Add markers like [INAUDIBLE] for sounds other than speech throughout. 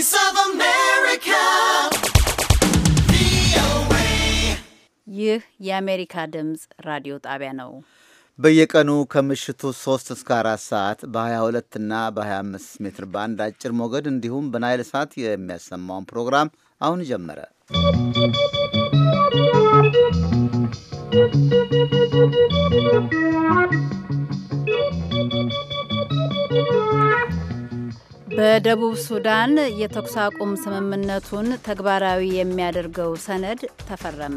Voice of America. ይህ የአሜሪካ ድምፅ ራዲዮ ጣቢያ ነው። በየቀኑ ከምሽቱ 3 እስከ 4 ሰዓት በ22 እና በ25 ሜትር ባንድ አጭር ሞገድ እንዲሁም በናይል ሳት የሚያሰማውን ፕሮግራም አሁን ጀመረ። ¶¶ በደቡብ ሱዳን የተኩስ አቁም ስምምነቱን ተግባራዊ የሚያደርገው ሰነድ ተፈረመ።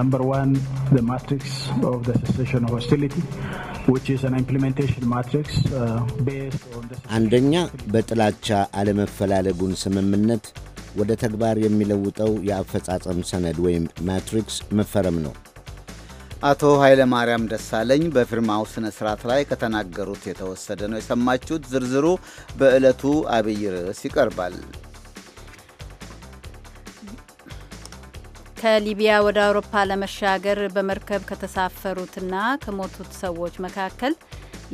uh, አንደኛ በጥላቻ አለመፈላለጉን ስምምነት ወደ ተግባር የሚለውጠው የአፈጻጸም ሰነድ ወይም ማትሪክስ መፈረም ነው። አቶ ኃይለማርያም ደሳለኝ በፊርማው ስነ ስርዓት ላይ ከተናገሩት የተወሰደ ነው የሰማችሁት። ዝርዝሩ በዕለቱ አብይ ርዕስ ይቀርባል። ከሊቢያ ወደ አውሮፓ ለመሻገር በመርከብ ከተሳፈሩትና ከሞቱት ሰዎች መካከል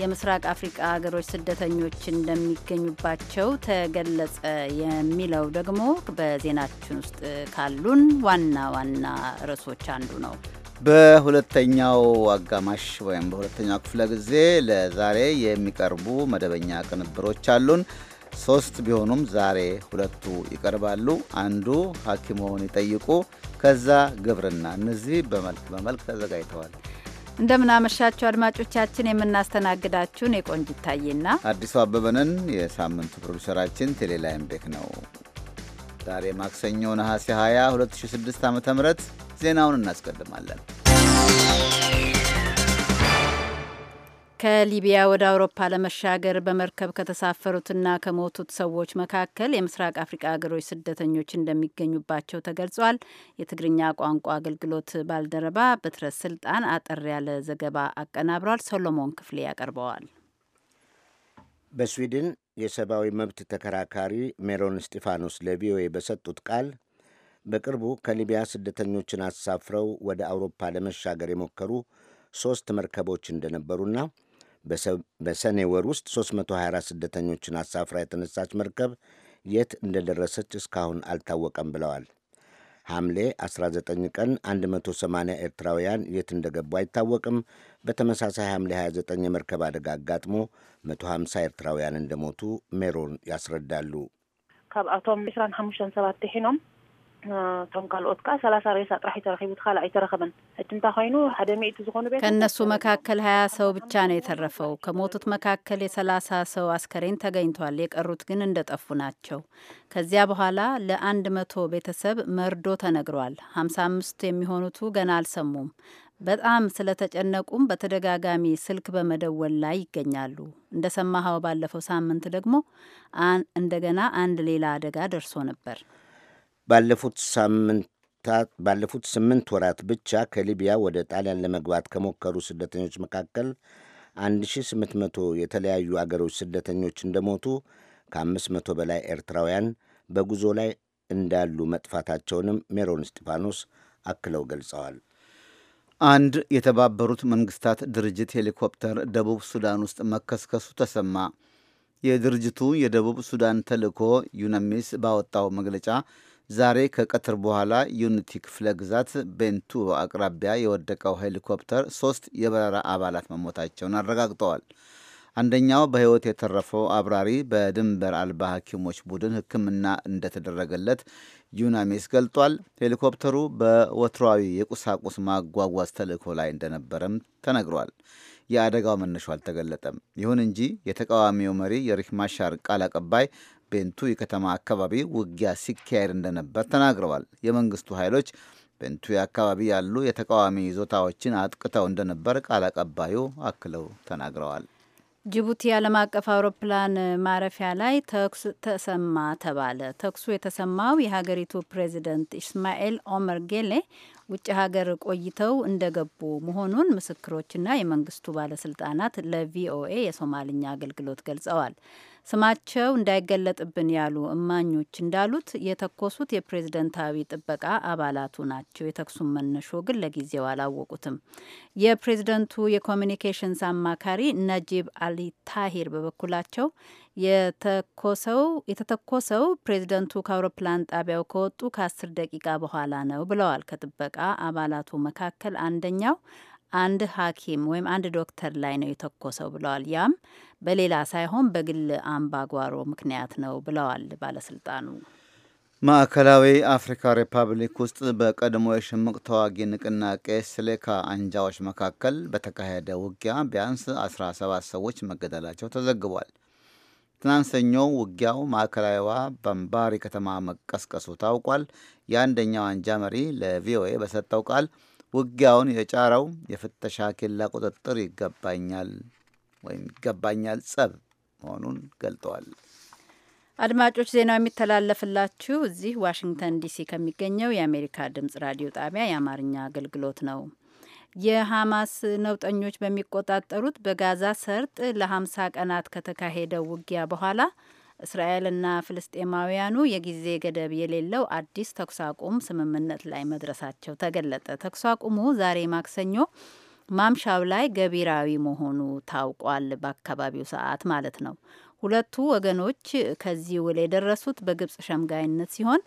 የምስራቅ አፍሪቃ ሀገሮች ስደተኞች እንደሚገኙባቸው ተገለጸ የሚለው ደግሞ በዜናችን ውስጥ ካሉን ዋና ዋና ርዕሶች አንዱ ነው። በሁለተኛው አጋማሽ ወይም በሁለተኛው ክፍለ ጊዜ ለዛሬ የሚቀርቡ መደበኛ ቅንብሮች አሉን። ሶስት ቢሆኑም ዛሬ ሁለቱ ይቀርባሉ። አንዱ ሐኪሞን ይጠይቁ፣ ከዛ ግብርና። እነዚህ በመልክ በመልክ ተዘጋጅተዋል። እንደምናመሻቸው አድማጮቻችን፣ የምናስተናግዳችሁን የቆንጅ ታዬና አዲሱ አበበንን። የሳምንቱ ፕሮዲሰራችን ቴሌላይምቤክ ነው። ዛሬ ማክሰኞ ነሐሴ 20 2006 ዓ ም ዜናውን እናስቀድማለን። ከሊቢያ ወደ አውሮፓ ለመሻገር በመርከብ ከተሳፈሩትና ከሞቱት ሰዎች መካከል የምስራቅ አፍሪቃ ሀገሮች ስደተኞች እንደሚገኙባቸው ተገልጿል። የትግርኛ ቋንቋ አገልግሎት ባልደረባ ብትረት ስልጣን አጠር ያለ ዘገባ አቀናብሯል። ሶሎሞን ክፍሌ ያቀርበዋል። በስዊድን የሰብአዊ መብት ተከራካሪ ሜሮን ስጢፋኖስ ለቪኦኤ በሰጡት ቃል በቅርቡ ከሊቢያ ስደተኞችን አሳፍረው ወደ አውሮፓ ለመሻገር የሞከሩ ሦስት መርከቦች እንደነበሩና በሰኔ ወር ውስጥ 324 ስደተኞችን አሳፍራ የተነሳች መርከብ የት እንደደረሰች እስካሁን አልታወቀም ብለዋል። ሐምሌ 19 ቀን 180 ኤርትራውያን የት እንደገቡ አይታወቅም። በተመሳሳይ ሐምሌ 29 የመርከብ አደጋ አጋጥሞ 150 ኤርትራውያን እንደሞቱ ሜሮን ያስረዳሉ። ካብኣቶም 25 ሰባት ሒኖም እቶም ካልኦት ከዓ ሰላሳ ሬሳ ጥራሕ የተረኪቡት ካልእ ኣይተረኸበን ሕጂ እንታይ ኮይኑ ሓደ ሚእቲ ዝኾኑ ቤት ከነሱ መካከል ሀያ ሰው ብቻ ነው የተረፈው። ከሞቱት መካከል የሰላሳ ሰው አስከሬን ተገኝቷል። የቀሩት ግን እንደጠፉ ናቸው። ከዚያ በኋላ ለአንድ መቶ ቤተሰብ መርዶ ተነግሯል። ሀምሳ አምስቱ የሚሆኑቱ ገና አልሰሙም። በጣም ስለተጨነቁም በተደጋጋሚ ስልክ በመደወል ላይ ይገኛሉ። እንደ ሰማኸው ባለፈው ሳምንት ደግሞ እንደገና አንድ ሌላ አደጋ ደርሶ ነበር። ባለፉት ሳምንታት ባለፉት ስምንት ወራት ብቻ ከሊቢያ ወደ ጣሊያን ለመግባት ከሞከሩ ስደተኞች መካከል 1800 የተለያዩ አገሮች ስደተኞች እንደሞቱ ከ500 በላይ ኤርትራውያን በጉዞ ላይ እንዳሉ መጥፋታቸውንም ሜሮን እስጢፋኖስ አክለው ገልጸዋል። አንድ የተባበሩት መንግስታት ድርጅት ሄሊኮፕተር ደቡብ ሱዳን ውስጥ መከስከሱ ተሰማ። የድርጅቱ የደቡብ ሱዳን ተልዕኮ ዩነሚስ ባወጣው መግለጫ ዛሬ ከቀትር በኋላ ዩኒቲ ክፍለ ግዛት ቤንቱ አቅራቢያ የወደቀው ሄሊኮፕተር ሶስት የበረራ አባላት መሞታቸውን አረጋግጠዋል። አንደኛው በሕይወት የተረፈው አብራሪ በድንበር አልባ ሐኪሞች ቡድን ሕክምና እንደተደረገለት ዩናሚስ ገልጧል። ሄሊኮፕተሩ በወትሯዊ የቁሳቁስ ማጓጓዝ ተልእኮ ላይ እንደነበረም ተነግሯል። የአደጋው መነሻው አልተገለጠም። ይሁን እንጂ የተቃዋሚው መሪ የሪክ ማሻር ቃል አቀባይ ቤንቱይ ከተማ አካባቢ ውጊያ ሲካሄድ እንደነበር ተናግረዋል። የመንግስቱ ኃይሎች ቤንቱይ አካባቢ ያሉ የተቃዋሚ ይዞታዎችን አጥቅተው እንደነበር ቃል አቀባዩ አክለው ተናግረዋል። ጅቡቲ ዓለም አቀፍ አውሮፕላን ማረፊያ ላይ ተኩስ ተሰማ ተባለ። ተኩሱ የተሰማው የሀገሪቱ ፕሬዚደንት ኢስማኤል ኦመር ጌሌ ውጭ ሀገር ቆይተው እንደገቡ መሆኑን ምስክሮችና የመንግስቱ ባለስልጣናት ለቪኦኤ የሶማልኛ አገልግሎት ገልጸዋል። ስማቸው እንዳይገለጥብን ያሉ እማኞች እንዳሉት የተኮሱት የፕሬዝደንታዊ ጥበቃ አባላቱ ናቸው። የተኩሱን መነሾ ግን ለጊዜው አላወቁትም። የፕሬዝደንቱ የኮሚኒኬሽንስ አማካሪ ነጂብ አሊ ታሂር በበኩላቸው የተኮሰው የተተኮሰው ፕሬዝደንቱ ከአውሮፕላን ጣቢያው ከወጡ ከአስር ደቂቃ በኋላ ነው ብለዋል። ከጥበቃ አባላቱ መካከል አንደኛው አንድ ሐኪም ወይም አንድ ዶክተር ላይ ነው የተኮሰው ብለዋል። ያም በሌላ ሳይሆን በግል አምባጓሮ ምክንያት ነው ብለዋል ባለስልጣኑ። ማዕከላዊ አፍሪካ ሪፐብሊክ ውስጥ በቀድሞ የሽምቅ ተዋጊ ንቅናቄ ስሌካ አንጃዎች መካከል በተካሄደ ውጊያ ቢያንስ 17 ሰዎች መገደላቸው ተዘግቧል። ትናንት ሰኞ ውጊያው ማዕከላዊዋ በምባሪ ከተማ መቀስቀሱ ታውቋል። የአንደኛው አንጃ መሪ ለቪኦኤ በሰጠው ቃል ውጊያውን የጫረው የፍተሻ ኬላ ቁጥጥር ይገባኛል ወይም ይገባኛል ጸብ መሆኑን ገልጠዋል። አድማጮች ዜናው የሚተላለፍላችሁ እዚህ ዋሽንግተን ዲሲ ከሚገኘው የአሜሪካ ድምጽ ራዲዮ ጣቢያ የአማርኛ አገልግሎት ነው። የሐማስ ነውጠኞች በሚቆጣጠሩት በጋዛ ሰርጥ ለ50 ቀናት ከተካሄደው ውጊያ በኋላ እስራኤልና ፍልስጤማውያኑ የጊዜ ገደብ የሌለው አዲስ ተኩስ አቁም ስምምነት ላይ መድረሳቸው ተገለጠ። ተኩስ አቁሙ ዛሬ ማክሰኞ ማምሻው ላይ ገቢራዊ መሆኑ ታውቋል። በአካባቢው ሰዓት ማለት ነው። ሁለቱ ወገኖች ከዚህ ውል የደረሱት በግብጽ ሸምጋይነት ሲሆን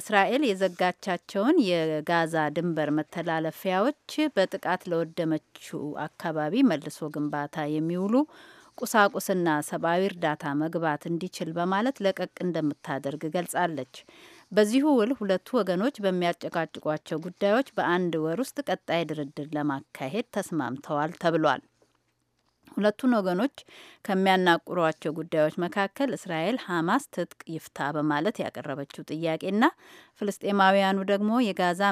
እስራኤል የዘጋቻቸውን የጋዛ ድንበር መተላለፊያዎች በጥቃት ለወደመችው አካባቢ መልሶ ግንባታ የሚውሉ ቁሳቁስና ሰብአዊ እርዳታ መግባት እንዲችል በማለት ለቀቅ እንደምታደርግ ገልጻለች። በዚሁ ውል ሁለቱ ወገኖች በሚያጨቃጭቋቸው ጉዳዮች በአንድ ወር ውስጥ ቀጣይ ድርድር ለማካሄድ ተስማምተዋል ተብሏል። ሁለቱን ወገኖች ከሚያናቁሯቸው ጉዳዮች መካከል እስራኤል ሐማስ ትጥቅ ይፍታ በማለት ያቀረበችው ጥያቄና ፍልስጤማውያኑ ደግሞ የጋዛ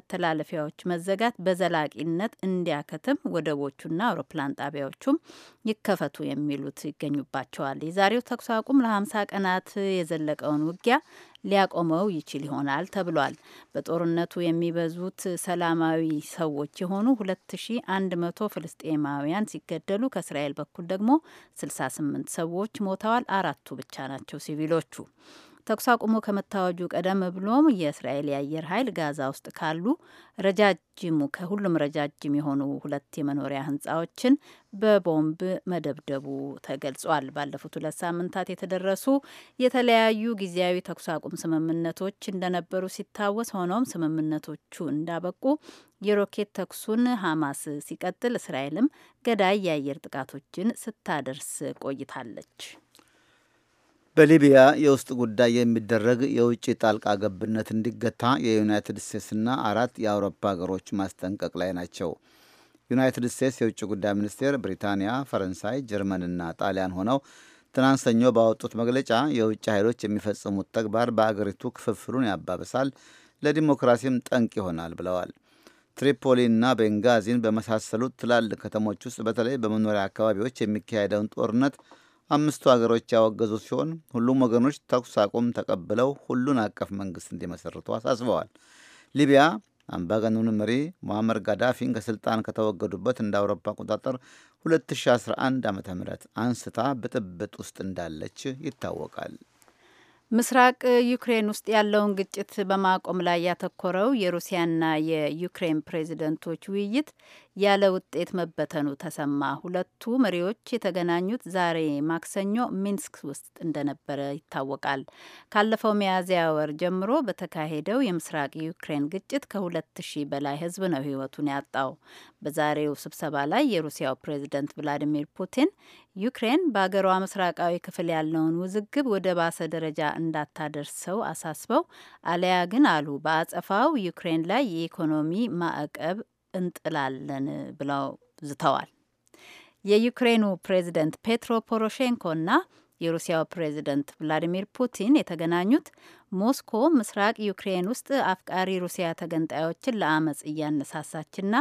መተላለፊያዎች መዘጋት በዘላቂነት እንዲያከትም ወደቦቹና አውሮፕላን ጣቢያዎቹም ይከፈቱ የሚሉት ይገኙባቸዋል። የዛሬው ተኩስ አቁም ለ50 ቀናት የዘለቀውን ውጊያ ሊያቆመው ይችል ይሆናል ተብሏል። በጦርነቱ የሚበዙት ሰላማዊ ሰዎች የሆኑ 2100 ፍልስጤማውያን ሲገደሉ ከእስራኤል በኩል ደግሞ 68 ሰዎች ሞተዋል። አራቱ ብቻ ናቸው ሲቪሎቹ። ተኩስ አቁሙ ከመታወጁ ቀደም ብሎም የእስራኤል የአየር ኃይል ጋዛ ውስጥ ካሉ ረጃጅሙ ከሁሉም ረጃጅም የሆኑ ሁለት የመኖሪያ ህንጻዎችን በቦምብ መደብደቡ ተገልጿል። ባለፉት ሁለት ሳምንታት የተደረሱ የተለያዩ ጊዜያዊ ተኩስ አቁም ስምምነቶች እንደነበሩ ሲታወስ፣ ሆኖም ስምምነቶቹ እንዳበቁ የሮኬት ተኩሱን ሐማስ ሲቀጥል፣ እስራኤልም ገዳይ የአየር ጥቃቶችን ስታደርስ ቆይታለች። በሊቢያ የውስጥ ጉዳይ የሚደረግ የውጭ ጣልቃ ገብነት እንዲገታ የዩናይትድ ስቴትስና አራት የአውሮፓ ሀገሮች ማስጠንቀቅ ላይ ናቸው። ዩናይትድ ስቴትስ የውጭ ጉዳይ ሚኒስቴር ብሪታንያ፣ ፈረንሳይ፣ ጀርመንና ጣሊያን ሆነው ትናንት ሰኞ ባወጡት መግለጫ የውጭ ኃይሎች የሚፈጽሙት ተግባር በአገሪቱ ክፍፍሉን ያባብሳል፣ ለዲሞክራሲም ጠንቅ ይሆናል ብለዋል። ትሪፖሊና ቤንጋዚን በመሳሰሉት ትላልቅ ከተሞች ውስጥ በተለይ በመኖሪያ አካባቢዎች የሚካሄደውን ጦርነት አምስቱ ሀገሮች ያወገዙ ሲሆን ሁሉም ወገኖች ተኩስ አቁም ተቀብለው ሁሉን አቀፍ መንግስት እንዲመሰርቱ አሳስበዋል። ሊቢያ አምባገነኑን መሪ ሙአመር ጋዳፊን ከስልጣን ከተወገዱበት እንደ አውሮፓ አቆጣጠር 2011 ዓ ም አንስታ ብጥብጥ ውስጥ እንዳለች ይታወቃል። ምስራቅ ዩክሬን ውስጥ ያለውን ግጭት በማቆም ላይ ያተኮረው የሩሲያና የዩክሬን ፕሬዚደንቶች ውይይት ያለ ውጤት መበተኑ ተሰማ። ሁለቱ መሪዎች የተገናኙት ዛሬ ማክሰኞ ሚንስክ ውስጥ እንደነበረ ይታወቃል። ካለፈው ሚያዝያ ወር ጀምሮ በተካሄደው የምስራቅ ዩክሬን ግጭት ከሁለት ሺህ በላይ ሕዝብ ነው ህይወቱን ያጣው። በዛሬው ስብሰባ ላይ የሩሲያው ፕሬዝደንት ቭላዲሚር ፑቲን ዩክሬን በአገሯ ምስራቃዊ ክፍል ያለውን ውዝግብ ወደ ባሰ ደረጃ እንዳታደርሰው አሳስበው አለያ ግን አሉ በአጸፋው ዩክሬን ላይ የኢኮኖሚ ማዕቀብ እንጥላለን ብለው ዝተዋል። የዩክሬኑ ፕሬዚደንት ፔትሮ ፖሮሼንኮና የሩሲያው ፕሬዚደንት ቭላዲሚር ፑቲን የተገናኙት ሞስኮ ምስራቅ ዩክሬን ውስጥ አፍቃሪ ሩሲያ ተገንጣዮችን ለአመፅ እያነሳሳችና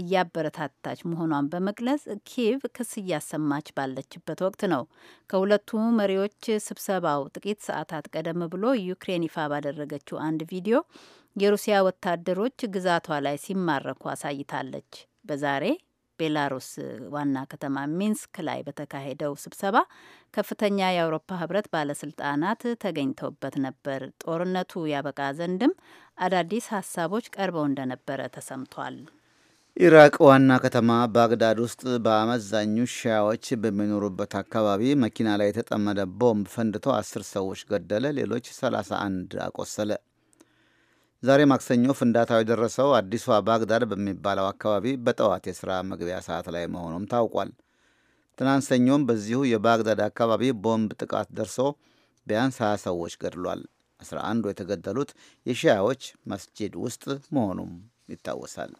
እያበረታታች መሆኗን በመግለጽ ኪቭ ክስ እያሰማች ባለችበት ወቅት ነው። ከሁለቱ መሪዎች ስብሰባው ጥቂት ሰዓታት ቀደም ብሎ ዩክሬን ይፋ ባደረገችው አንድ ቪዲዮ የሩሲያ ወታደሮች ግዛቷ ላይ ሲማረኩ አሳይታለች። በዛሬ ቤላሩስ ዋና ከተማ ሚንስክ ላይ በተካሄደው ስብሰባ ከፍተኛ የአውሮፓ ህብረት ባለስልጣናት ተገኝተውበት ነበር። ጦርነቱ ያበቃ ዘንድም አዳዲስ ሀሳቦች ቀርበው እንደነበረ ተሰምቷል። ኢራቅ ዋና ከተማ ባግዳድ ውስጥ በአመዛኙ ሺያዎች በሚኖሩበት አካባቢ መኪና ላይ የተጠመደ ቦምብ ፈንድቶ አስር ሰዎች ገደለ፣ ሌሎች 31 አቆሰለ። ዛሬ ማክሰኞ ፍንዳታው የደረሰው አዲሷ ባግዳድ በሚባለው አካባቢ በጠዋት የሥራ መግቢያ ሰዓት ላይ መሆኑም ታውቋል። ትናንት ሰኞም በዚሁ የባግዳድ አካባቢ ቦምብ ጥቃት ደርሶ ቢያንስ 20 ሰዎች ገድሏል። የተገደሉት የሺያዎች መስጂድ ውስጥ መሆኑም ይታወሳል።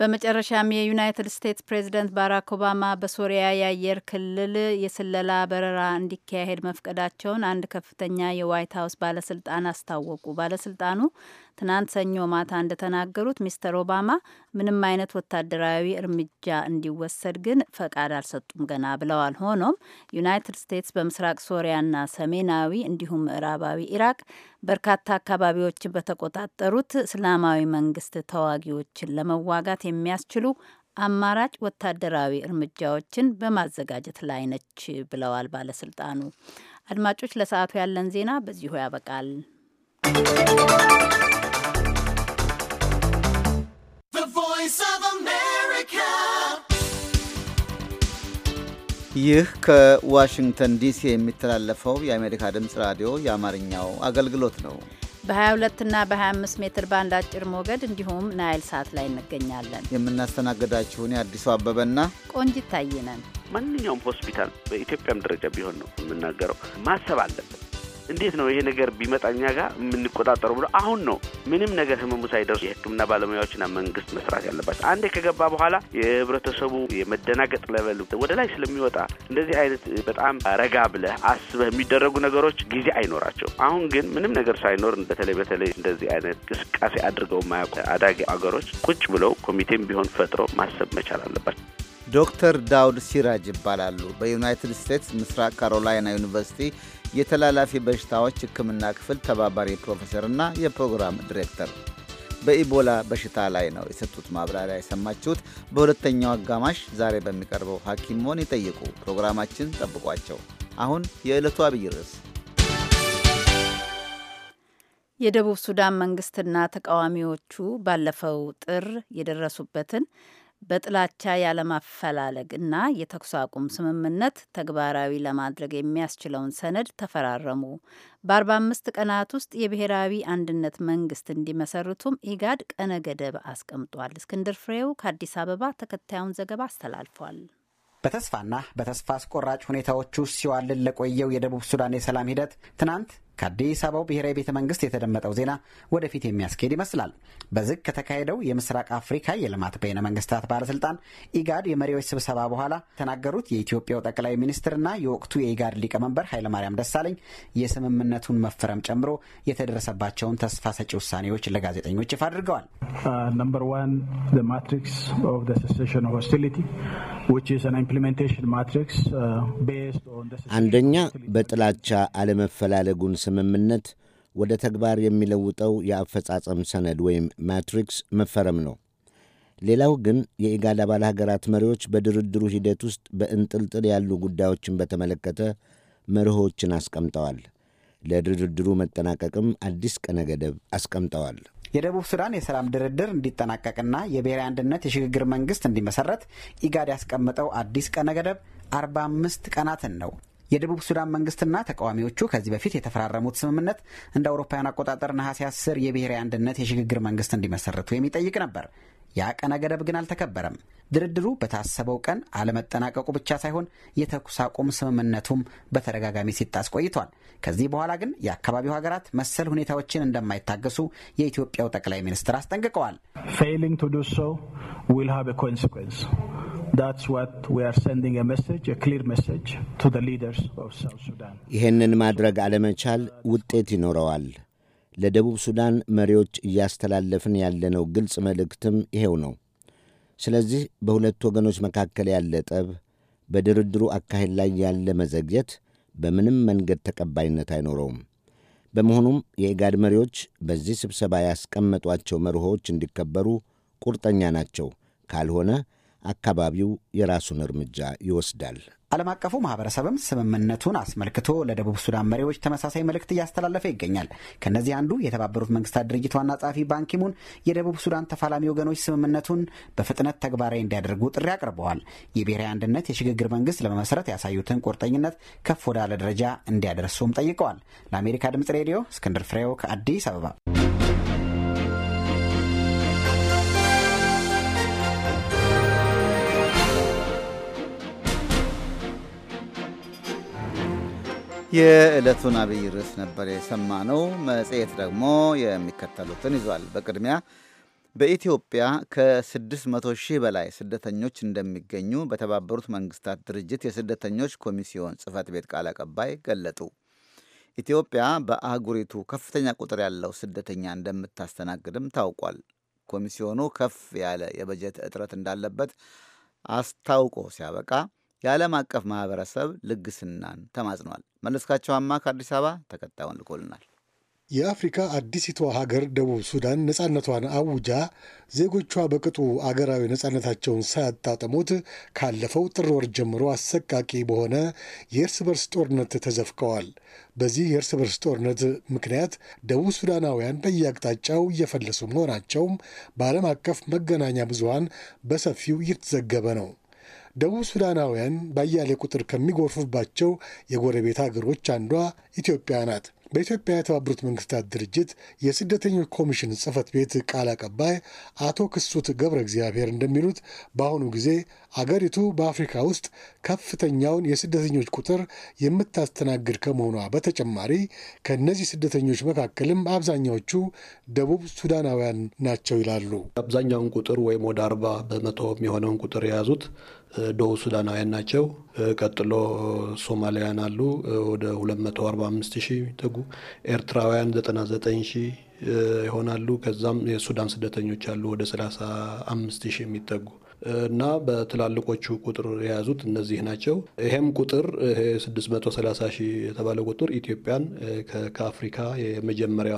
በመጨረሻም የዩናይትድ ስቴትስ ፕሬዚደንት ባራክ ኦባማ በሶሪያ የአየር ክልል የስለላ በረራ እንዲካሄድ መፍቀዳቸውን አንድ ከፍተኛ የዋይት ሀውስ ባለስልጣን አስታወቁ። ባለስልጣኑ ትናንት ሰኞ ማታ እንደተናገሩት ሚስተር ኦባማ ምንም አይነት ወታደራዊ እርምጃ እንዲወሰድ ግን ፈቃድ አልሰጡም ገና ብለዋል። ሆኖም ዩናይትድ ስቴትስ በምስራቅ ሶሪያና ሰሜናዊ እንዲሁም ምዕራባዊ ኢራቅ በርካታ አካባቢዎችን በተቆጣጠሩት እስላማዊ መንግስት ተዋጊዎችን ለመዋጋት የሚያስችሉ አማራጭ ወታደራዊ እርምጃዎችን በማዘጋጀት ላይ ነች ብለዋል ባለስልጣኑ። አድማጮች፣ ለሰዓቱ ያለን ዜና በዚሁ ያበቃል። ይህ ከዋሽንግተን ዲሲ የሚተላለፈው የአሜሪካ ድምፅ ራዲዮ የአማርኛው አገልግሎት ነው። በ22 እና በ25 ሜትር ባንድ አጭር ሞገድ እንዲሁም ናይል ሳት ላይ እንገኛለን። የምናስተናግዳችሁን የአዲሱ አበበና ቆንጅት ታይነን ማንኛውም ሆስፒታል በኢትዮጵያም ደረጃ ቢሆን ነው የምናገረው ማሰብ አለበት እንዴት ነው ይሄ ነገር ቢመጣ እኛ ጋር የምንቆጣጠረው ብሎ አሁን ነው ምንም ነገር ህመሙ ሳይደርስ የህክምና ባለሙያዎችና መንግስት መስራት ያለባቸው። አንዴ ከገባ በኋላ የህብረተሰቡ የመደናገጥ ለበል ወደ ላይ ስለሚወጣ እንደዚህ አይነት በጣም ረጋ ብለህ አስበህ የሚደረጉ ነገሮች ጊዜ አይኖራቸው። አሁን ግን ምንም ነገር ሳይኖር በተለይ በተለይ እንደዚህ አይነት እንቅስቃሴ አድርገው የማያውቁ አዳጊ አገሮች ቁጭ ብለው ኮሚቴም ቢሆን ፈጥሮ ማሰብ መቻል አለባቸው። ዶክተር ዳውድ ሲራጅ ይባላሉ። በዩናይትድ ስቴትስ ምስራቅ ካሮላይና ዩኒቨርሲቲ የተላላፊ በሽታዎች ሕክምና ክፍል ተባባሪ ፕሮፌሰርና የፕሮግራም ዲሬክተር በኢቦላ በሽታ ላይ ነው የሰጡት ማብራሪያ የሰማችሁት። በሁለተኛው አጋማሽ ዛሬ በሚቀርበው ሐኪሞን ይጠይቁ ፕሮግራማችን ጠብቋቸው። አሁን የዕለቱ አብይ ርዕስ የደቡብ ሱዳን መንግስትና ተቃዋሚዎቹ ባለፈው ጥር የደረሱበትን በጥላቻ ያለማፈላለግ እና የተኩስ አቁም ስምምነት ተግባራዊ ለማድረግ የሚያስችለውን ሰነድ ተፈራረሙ። በ45 ቀናት ውስጥ የብሔራዊ አንድነት መንግስት እንዲመሰርቱም ኢጋድ ቀነ ገደብ አስቀምጧል። እስክንድር ፍሬው ከአዲስ አበባ ተከታዩን ዘገባ አስተላልፏል። በተስፋና በተስፋ አስቆራጭ ሁኔታዎች ውስጥ ሲዋልን ለቆየው የደቡብ ሱዳን የሰላም ሂደት ትናንት ከአዲስ አበባው ብሔራዊ ቤተ መንግስት የተደመጠው ዜና ወደፊት የሚያስኬድ ይመስላል። በዝግ ከተካሄደው የምስራቅ አፍሪካ የልማት በይነ መንግስታት ባለስልጣን ኢጋድ የመሪዎች ስብሰባ በኋላ የተናገሩት የኢትዮጵያው ጠቅላይ ሚኒስትርና የወቅቱ የኢጋድ ሊቀመንበር ኃይለማርያም ደሳለኝ የስምምነቱን መፈረም ጨምሮ የተደረሰባቸውን ተስፋ ሰጪ ውሳኔዎች ለጋዜጠኞች ይፋ አድርገዋል። uh, Uh, አንደኛ በጥላቻ አለመፈላለጉን ስምምነት ወደ ተግባር የሚለውጠው የአፈጻጸም ሰነድ ወይም ማትሪክስ መፈረም ነው። ሌላው ግን የኢጋድ አባል ሀገራት መሪዎች በድርድሩ ሂደት ውስጥ በእንጥልጥል ያሉ ጉዳዮችን በተመለከተ መርሆችን አስቀምጠዋል። ለድርድሩ መጠናቀቅም አዲስ ቀነ ገደብ አስቀምጠዋል። የደቡብ ሱዳን የሰላም ድርድር እንዲጠናቀቅና የብሔራዊ አንድነት የሽግግር መንግስት እንዲመሰረት ኢጋድ ያስቀመጠው አዲስ ቀነ ገደብ 45 ቀናትን ነው። የደቡብ ሱዳን መንግስትና ተቃዋሚዎቹ ከዚህ በፊት የተፈራረሙት ስምምነት እንደ አውሮፓውያን አቆጣጠር ነሐሴ 10 የብሔራዊ አንድነት የሽግግር መንግስት እንዲመሰርቱ የሚጠይቅ ነበር። ያ ቀነ ገደብ ግን አልተከበረም። ድርድሩ በታሰበው ቀን አለመጠናቀቁ ብቻ ሳይሆን የተኩስ አቁም ስምምነቱም በተደጋጋሚ ሲጣስ ቆይቷል። ከዚህ በኋላ ግን የአካባቢው ሀገራት መሰል ሁኔታዎችን እንደማይታገሱ የኢትዮጵያው ጠቅላይ ሚኒስትር አስጠንቅቀዋል። ፌይሊንግ ቱ ዱ ሶ ዊል ሃቭ ኤ ኮንሲኩዌንስ ይህንን ማድረግ አለመቻል ውጤት ይኖረዋል። ለደቡብ ሱዳን መሪዎች እያስተላለፍን ያለነው ግልጽ መልእክትም ይሄው ነው። ስለዚህ በሁለቱ ወገኖች መካከል ያለ ጠብ፣ በድርድሩ አካሄድ ላይ ያለ መዘግየት በምንም መንገድ ተቀባይነት አይኖረውም። በመሆኑም የኢጋድ መሪዎች በዚህ ስብሰባ ያስቀመጧቸው መርሆዎች እንዲከበሩ ቁርጠኛ ናቸው። ካልሆነ አካባቢው የራሱን እርምጃ ይወስዳል። ዓለም አቀፉ ማህበረሰብም ስምምነቱን አስመልክቶ ለደቡብ ሱዳን መሪዎች ተመሳሳይ መልእክት እያስተላለፈ ይገኛል። ከእነዚህ አንዱ የተባበሩት መንግስታት ድርጅት ዋና ጸሐፊ ባንኪሙን የደቡብ ሱዳን ተፋላሚ ወገኖች ስምምነቱን በፍጥነት ተግባራዊ እንዲያደርጉ ጥሪ አቅርበዋል። የብሔራዊ አንድነት የሽግግር መንግስት ለመመስረት ያሳዩትን ቁርጠኝነት ከፍ ወዳለ ደረጃ እንዲያደርሱም ጠይቀዋል። ለአሜሪካ ድምጽ ሬዲዮ እስክንድር ፍሬው ከአዲስ አበባ የዕለቱን አብይ ርዕስ ነበር የሰማነው። መጽሔት ደግሞ የሚከተሉትን ይዟል። በቅድሚያ በኢትዮጵያ ከ600 ሺህ በላይ ስደተኞች እንደሚገኙ በተባበሩት መንግስታት ድርጅት የስደተኞች ኮሚሲዮን ጽህፈት ቤት ቃል አቀባይ ገለጡ። ኢትዮጵያ በአህጉሪቱ ከፍተኛ ቁጥር ያለው ስደተኛ እንደምታስተናግድም ታውቋል። ኮሚሲዮኑ ከፍ ያለ የበጀት እጥረት እንዳለበት አስታውቆ ሲያበቃ የዓለም አቀፍ ማህበረሰብ ልግስናን ተማጽኗል። መለስካቸው አማ ከአዲስ አበባ ተከታዩን ልኮልናል። የአፍሪካ አዲሲቷ ሀገር ደቡብ ሱዳን ነጻነቷን አውጃ ዜጎቿ በቅጡ አገራዊ ነጻነታቸውን ሳያጣጥሙት ካለፈው ጥር ወር ጀምሮ አሰቃቂ በሆነ የእርስ በርስ ጦርነት ተዘፍቀዋል። በዚህ የእርስ በርስ ጦርነት ምክንያት ደቡብ ሱዳናውያን በየአቅጣጫው እየፈለሱ መሆናቸውም በዓለም አቀፍ መገናኛ ብዙሃን በሰፊው እየተዘገበ ነው። ደቡብ ሱዳናውያን በአያሌ ቁጥር ከሚጎርፉባቸው የጎረቤት ሀገሮች አንዷ ኢትዮጵያ ናት። በኢትዮጵያ የተባበሩት መንግስታት ድርጅት የስደተኞች ኮሚሽን ጽህፈት ቤት ቃል አቀባይ አቶ ክሱት ገብረ እግዚአብሔር እንደሚሉት በአሁኑ ጊዜ አገሪቱ በአፍሪካ ውስጥ ከፍተኛውን የስደተኞች ቁጥር የምታስተናግድ ከመሆኗ በተጨማሪ ከእነዚህ ስደተኞች መካከልም አብዛኛዎቹ ደቡብ ሱዳናውያን ናቸው ይላሉ። አብዛኛውን ቁጥር ወይም ወደ አርባ በመቶ የሚሆነውን ቁጥር የያዙት ደቡብ ሱዳናውያን ናቸው። ቀጥሎ ሶማሊያውያን አሉ ወደ 245 ሺህ የሚጠጉ ኤርትራውያን 99 ሺህ ይሆናሉ። ከዛም የሱዳን ስደተኞች አሉ ወደ 35 ሺህ የሚጠጉ እና በትላልቆቹ ቁጥር የያዙት እነዚህ ናቸው። ይሄም ቁጥር 630 ሺህ የተባለ ቁጥር ኢትዮጵያን ከአፍሪካ የመጀመሪያ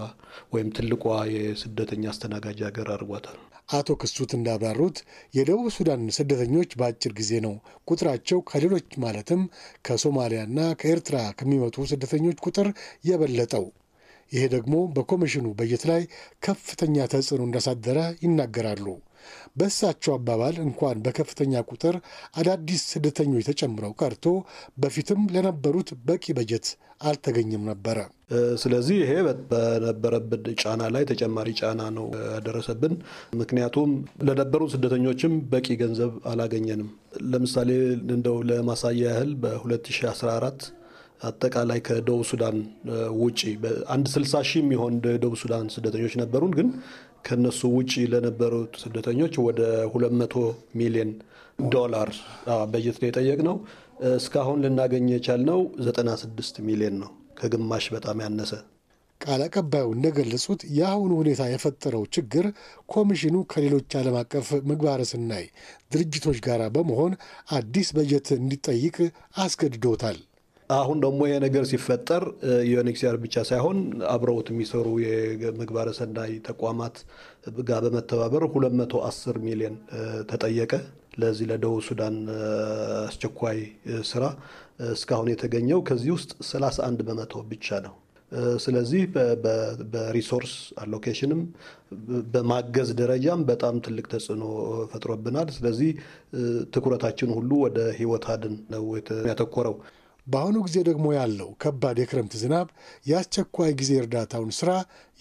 ወይም ትልቋ የስደተኛ አስተናጋጅ ሀገር አድርጓታል። አቶ ክሱት እንዳብራሩት የደቡብ ሱዳን ስደተኞች በአጭር ጊዜ ነው ቁጥራቸው ከሌሎች ማለትም ከሶማሊያና ከኤርትራ ከሚመጡ ስደተኞች ቁጥር የበለጠው። ይሄ ደግሞ በኮሚሽኑ በጀት ላይ ከፍተኛ ተጽዕኖ እንዳሳደረ ይናገራሉ። በእሳቸው አባባል እንኳን በከፍተኛ ቁጥር አዳዲስ ስደተኞች ተጨምረው ቀርቶ በፊትም ለነበሩት በቂ በጀት አልተገኘም ነበረ። ስለዚህ ይሄ በነበረብን ጫና ላይ ተጨማሪ ጫና ነው ያደረሰብን። ምክንያቱም ለነበሩት ስደተኞችም በቂ ገንዘብ አላገኘንም። ለምሳሌ እንደው ለማሳያ ያህል በ2014 አጠቃላይ ከደቡብ ሱዳን ውጪ አንድ 60 ሺህ የሚሆን ደቡብ ሱዳን ስደተኞች ነበሩን። ግን ከነሱ ውጭ ለነበሩት ስደተኞች ወደ 200 ሚሊዮን ዶላር በጀት ነው የጠየቅነው። እስካሁን ልናገኝ የቻልነው 96 ሚሊዮን ነው፣ ከግማሽ በጣም ያነሰ። ቃል አቀባዩ እንደገለጹት የአሁኑ ሁኔታ የፈጠረው ችግር ኮሚሽኑ ከሌሎች ዓለም አቀፍ ምግባረ ሰናይ ድርጅቶች ጋር በመሆን አዲስ በጀት እንዲጠይቅ አስገድዶታል። አሁን ደግሞ ይሄ ነገር ሲፈጠር ዩኤንኤችሲአር ብቻ ሳይሆን አብረውት የሚሰሩ የምግባረ ሰናይ ተቋማት ጋር በመተባበር 210 ሚሊዮን ተጠየቀ። ለዚህ ለደቡብ ሱዳን አስቸኳይ ስራ እስካሁን የተገኘው ከዚህ ውስጥ 31 በመቶ ብቻ ነው። ስለዚህ በሪሶርስ አሎኬሽንም በማገዝ ደረጃም በጣም ትልቅ ተጽዕኖ ፈጥሮብናል። ስለዚህ ትኩረታችን ሁሉ ወደ ህይወት አድን ነው ያተኮረው። በአሁኑ ጊዜ ደግሞ ያለው ከባድ የክረምት ዝናብ የአስቸኳይ ጊዜ እርዳታውን ስራ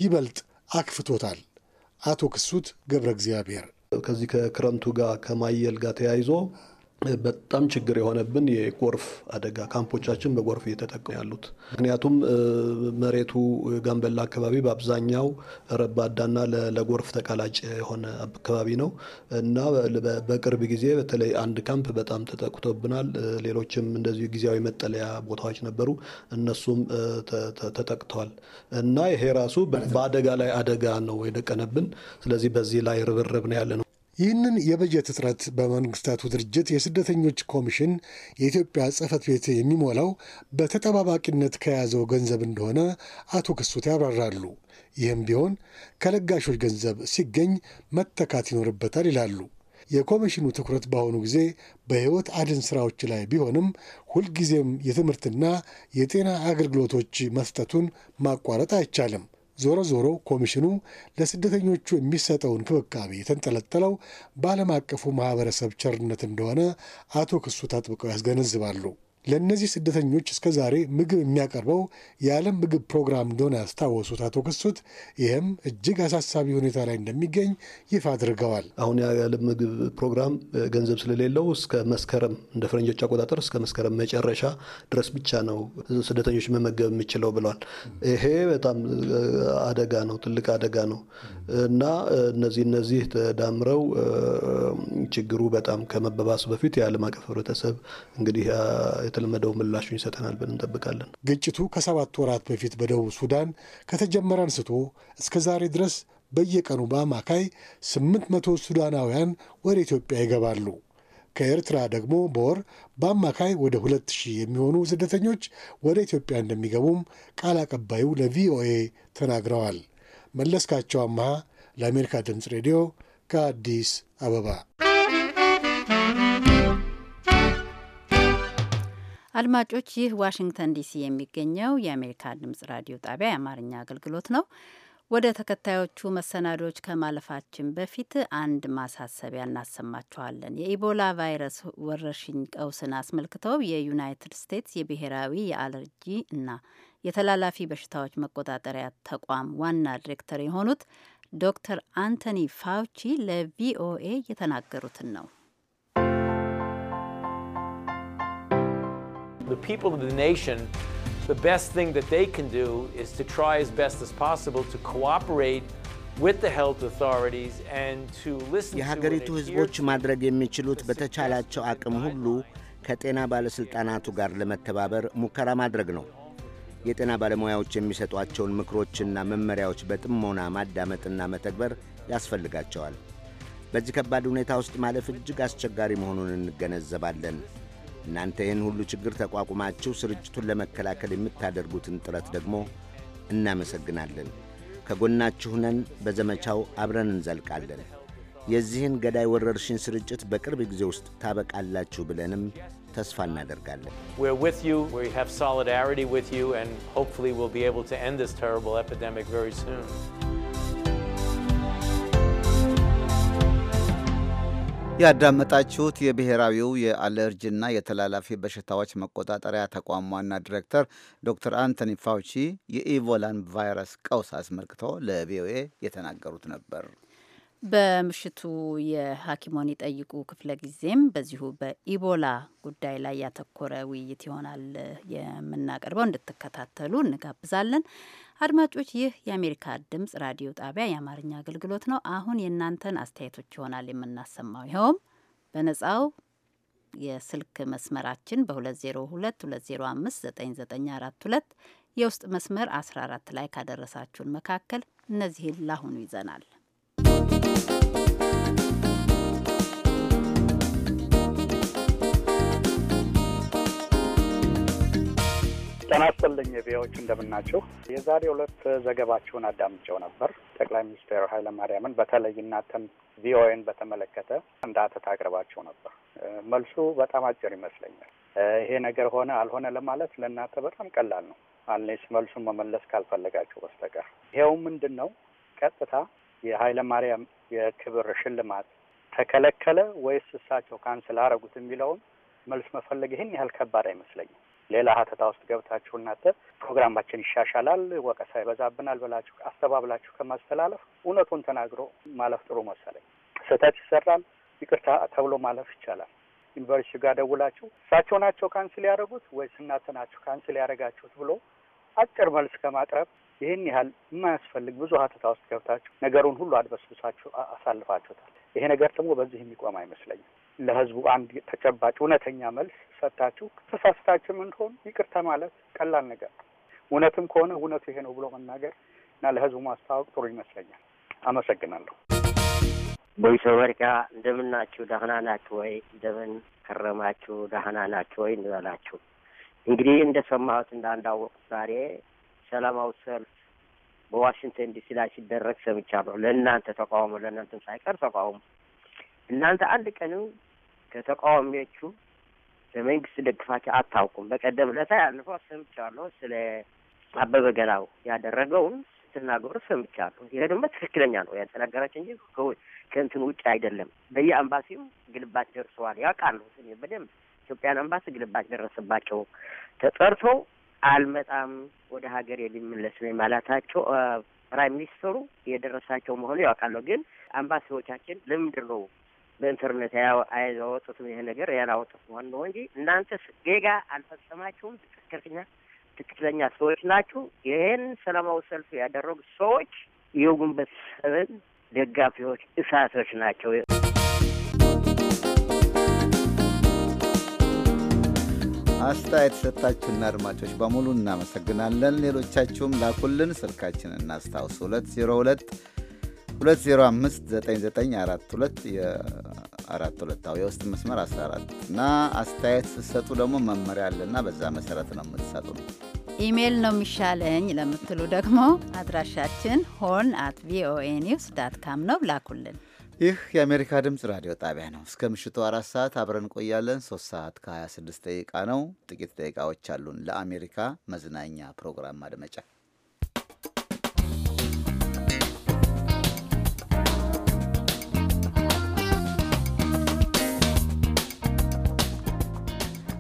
ይበልጥ አክፍቶታል። አቶ ክሱት ገብረ እግዚአብሔር ከዚህ ከክረምቱ ጋር ከማየል ጋር ተያይዞ በጣም ችግር የሆነብን የጎርፍ አደጋ ካምፖቻችን በጎርፍ እየተጠቀሙ ያሉት ምክንያቱም መሬቱ ጋንበላ አካባቢ በአብዛኛው ረባዳና ለጎርፍ ተቃላጭ የሆነ አካባቢ ነው እና በቅርብ ጊዜ በተለይ አንድ ካምፕ በጣም ተጠቅቶብናል። ሌሎችም እንደዚሁ ጊዜያዊ መጠለያ ቦታዎች ነበሩ፣ እነሱም ተጠቅተዋል እና ይሄ ራሱ በአደጋ ላይ አደጋ ነው የደቀነብን። ስለዚህ በዚህ ላይ ርብርብ ነው ያለ ነው። ይህንን የበጀት እጥረት በመንግስታቱ ድርጅት የስደተኞች ኮሚሽን የኢትዮጵያ ጽህፈት ቤት የሚሞላው በተጠባባቂነት ከያዘው ገንዘብ እንደሆነ አቶ ክሱት ያብራራሉ። ይህም ቢሆን ከለጋሾች ገንዘብ ሲገኝ መተካት ይኖርበታል ይላሉ። የኮሚሽኑ ትኩረት በአሁኑ ጊዜ በሕይወት አድን ስራዎች ላይ ቢሆንም ሁልጊዜም የትምህርትና የጤና አገልግሎቶች መስጠቱን ማቋረጥ አይቻልም። ዞሮ ዞሮ ኮሚሽኑ ለስደተኞቹ የሚሰጠው እንክብካቤ የተንጠለጠለው በዓለም አቀፉ ማህበረሰብ ቸርነት እንደሆነ አቶ ክሱ አጥብቀው ያስገነዝባሉ። ለእነዚህ ስደተኞች እስከ ዛሬ ምግብ የሚያቀርበው የዓለም ምግብ ፕሮግራም እንደሆነ ያስታወሱት አቶ ክሱት ይህም እጅግ አሳሳቢ ሁኔታ ላይ እንደሚገኝ ይፋ አድርገዋል። አሁን የዓለም ምግብ ፕሮግራም ገንዘብ ስለሌለው እስከ መስከረም እንደ ፈረንጆች አቆጣጠር እስከ መስከረም መጨረሻ ድረስ ብቻ ነው ስደተኞች መመገብ የሚችለው ብለዋል። ይሄ በጣም አደጋ ነው፣ ትልቅ አደጋ ነው እና እነዚህ እነዚህ ተዳምረው ችግሩ በጣም ከመባባሱ በፊት የዓለም አቀፍ ህብረተሰብ እንግዲህ እንደተለመደው ምላሹን ይሰጠናል ብለን እንጠብቃለን። ግጭቱ ከሰባት ወራት በፊት በደቡብ ሱዳን ከተጀመረ አንስቶ እስከ ዛሬ ድረስ በየቀኑ በአማካይ ስምንት መቶ ሱዳናውያን ወደ ኢትዮጵያ ይገባሉ። ከኤርትራ ደግሞ በወር በአማካይ ወደ ሁለት ሺህ የሚሆኑ ስደተኞች ወደ ኢትዮጵያ እንደሚገቡም ቃል አቀባዩ ለቪኦኤ ተናግረዋል። መለስካቸው አምሃ ለአሜሪካ ድምፅ ሬዲዮ ከአዲስ አበባ አድማጮች፣ ይህ ዋሽንግተን ዲሲ የሚገኘው የአሜሪካ ድምጽ ራዲዮ ጣቢያ የአማርኛ አገልግሎት ነው። ወደ ተከታዮቹ መሰናዶች ከማለፋችን በፊት አንድ ማሳሰቢያ እናሰማችኋለን። የኢቦላ ቫይረስ ወረርሽኝ ቀውስን አስመልክተው የዩናይትድ ስቴትስ የብሔራዊ የአለርጂ እና የተላላፊ በሽታዎች መቆጣጠሪያ ተቋም ዋና ዲሬክተር የሆኑት ዶክተር አንቶኒ ፋውቺ ለቪኦኤ የተናገሩትን ነው። The people of the nation, the best thing that they can do is to try as best as possible to cooperate with the health authorities and to listen የሀገሪቱ ህዝቦች ማድረግ የሚችሉት በተቻላቸው አቅም ሁሉ ከጤና ባለሥልጣናቱ ጋር ለመተባበር ሙከራ ማድረግ ነው። የጤና ባለሙያዎች የሚሰጧቸውን ምክሮችና መመሪያዎች በጥሞና ማዳመጥና መተግበር ያስፈልጋቸዋል። በዚህ ከባድ ሁኔታ ውስጥ ማለፍ እጅግ አስቸጋሪ መሆኑን እንገነዘባለን። እናንተ ይህን ሁሉ ችግር ተቋቁማችሁ ስርጭቱን ለመከላከል የምታደርጉትን ጥረት ደግሞ እናመሰግናለን። ከጎናችሁ ነን። በዘመቻው አብረን እንዘልቃለን። የዚህን ገዳይ ወረርሽኝ ስርጭት በቅርብ ጊዜ ውስጥ ታበቃላችሁ ብለንም ተስፋ እናደርጋለን። ሶሊዳሪቲ ያዳመጣችሁት የብሔራዊው የአለርጂና የተላላፊ በሽታዎች መቆጣጠሪያ ተቋም ዋና ዲሬክተር ዶክተር አንቶኒ ፋውቺ የኢቮላን ቫይረስ ቀውስ አስመልክቶ ለቪኦኤ የተናገሩት ነበር። በምሽቱ የሐኪሞን ይጠይቁ ክፍለ ጊዜም በዚሁ በኢቦላ ጉዳይ ላይ ያተኮረ ውይይት ይሆናል የምናቀርበው። እንድትከታተሉ እንጋብዛለን። አድማጮች፣ ይህ የአሜሪካ ድምጽ ራዲዮ ጣቢያ የአማርኛ አገልግሎት ነው። አሁን የእናንተን አስተያየቶች ይሆናል የምናሰማው። ይኸውም በነጻው የስልክ መስመራችን በ2022059942 የውስጥ መስመር 14 ላይ ካደረሳችሁን መካከል እነዚህን ላሁኑ ይዘናል። ጤና ይስጥልኝ ቪዎች እንደምናችሁ። የዛሬ ሁለት ዘገባችሁን አዳምጨው ነበር። ጠቅላይ ሚኒስትር ኃይለ ማርያምን በተለይ እናንተን ቪኦኤን በተመለከተ እንደ አተት አቅርባቸው ነበር። መልሱ በጣም አጭር ይመስለኛል። ይሄ ነገር ሆነ አልሆነ ለማለት ለእናንተ በጣም ቀላል ነው፣ አልኔስ መልሱን መመለስ ካልፈለጋችሁ በስተቀር ይኸው ምንድን ነው ቀጥታ የኃይለ ማርያም የክብር ሽልማት ተከለከለ ወይስ እሳቸው ካንስል አረጉት የሚለውን መልስ መፈለግ ይህን ያህል ከባድ አይመስለኝም። ሌላ ሀተታ ውስጥ ገብታችሁ እናንተ ፕሮግራማችን ይሻሻላል፣ ወቀሳ ይበዛብናል ብላችሁ አስተባብላችሁ ከማስተላለፍ እውነቱን ተናግሮ ማለፍ ጥሩ መሰለኝ። ስህተት ይሰራል፣ ይቅርታ ተብሎ ማለፍ ይቻላል። ዩኒቨርሲቲ ጋር ደውላችሁ እሳቸው ናቸው ካንስል ያደረጉት ወይስ እናንተ ናቸው ካንስል ያደረጋችሁት ብሎ አጭር መልስ ከማቅረብ ይህን ያህል የማያስፈልግ ብዙ ሀተታ ውስጥ ገብታችሁ ነገሩን ሁሉ አድበስብሳችሁ አሳልፋችሁታል። ይሄ ነገር ደግሞ በዚህ የሚቆም አይመስለኝም። ለህዝቡ አንድ ተጨባጭ እውነተኛ መልስ ሰጥታችሁ ተሳስታችሁም እንደሆን ይቅርታ ማለት ቀላል ነገር እውነትም ከሆነ እውነቱ ይሄ ነው ብሎ መናገር እና ለህዝቡ ማስታወቅ ጥሩ ይመስለኛል። አመሰግናለሁ። ቦይሶ አሜሪካ እንደምናችሁ ደህና ናችሁ ወይ? እንደምን ከረማችሁ? ደህና ናችሁ ወይ እንበላችሁ። እንግዲህ እንደሰማሁት እንዳንዳወቁት ዛሬ ሰላማዊ ሰልፍ በዋሽንግተን ዲሲ ላይ ሲደረግ ሰምቻለሁ። ለእናንተ ተቃውሞ ለእናንተም ሳይቀር ተቃውሞ እናንተ አንድ ቀንም ከተቃዋሚዎቹ በመንግስት ደግፋቸው አታውቁም። በቀደም ዕለት ያለፈው ሰምቻለሁ ስለ አበበ ገላው ያደረገውን ስትናገሩ ሰምቻለሁ። ይሄ ደግሞ ትክክለኛ ነው ያልተናገራቸው እንጂ ከእንትን ውጭ አይደለም። በየአምባሲው ግልባጭ ደርሰዋል ያውቃሉ። በደንብ ኢትዮጵያን አምባሲ ግልባጭ ደረሰባቸው። ተጠርቶ አልመጣም ወደ ሀገር የሚመለስ ነኝ ማለታቸው ፕራይም ሚኒስትሩ የደረሳቸው መሆኑ ያውቃለሁ። ግን አምባሲዎቻችን ለምንድን ነው በኢንተርኔት ያወጡትም ይሄ ነገር ያላወጡት መሆን ነው እንጂ እናንተስ ጌጋ አልፈጸማችሁም። ትክክለኛ ትክክለኛ ሰዎች ናችሁ። ይህን ሰላማዊ ሰልፍ ያደረጉ ሰዎች የጉንበት ሰብን ደጋፊዎች፣ እሳቶች ናቸው። አስተያየት ሰጣችሁና አድማጮች በሙሉ እናመሰግናለን። ሌሎቻችሁም ላኩልን። ስልካችን እናስታውስ 202 2059942 የ42 የውስጥ መስመር 14 እና አስተያየት ስትሰጡ ደግሞ መመሪያ አለና በዛ መሰረት ነው የምትሰጡ። ኢሜይል ነው የሚሻለኝ ለምትሉ ደግሞ አድራሻችን ሆን አት ቪኦኤ ኒውስ ዳት ካም ነው፣ ላኩልን። ይህ የአሜሪካ ድምፅ ራዲዮ ጣቢያ ነው። እስከ ምሽቱ አራት ሰዓት አብረን ቆያለን። ሶስት ሰዓት ከ26 ደቂቃ ነው። ጥቂት ደቂቃዎች አሉን ለአሜሪካ መዝናኛ ፕሮግራም ማድመጫ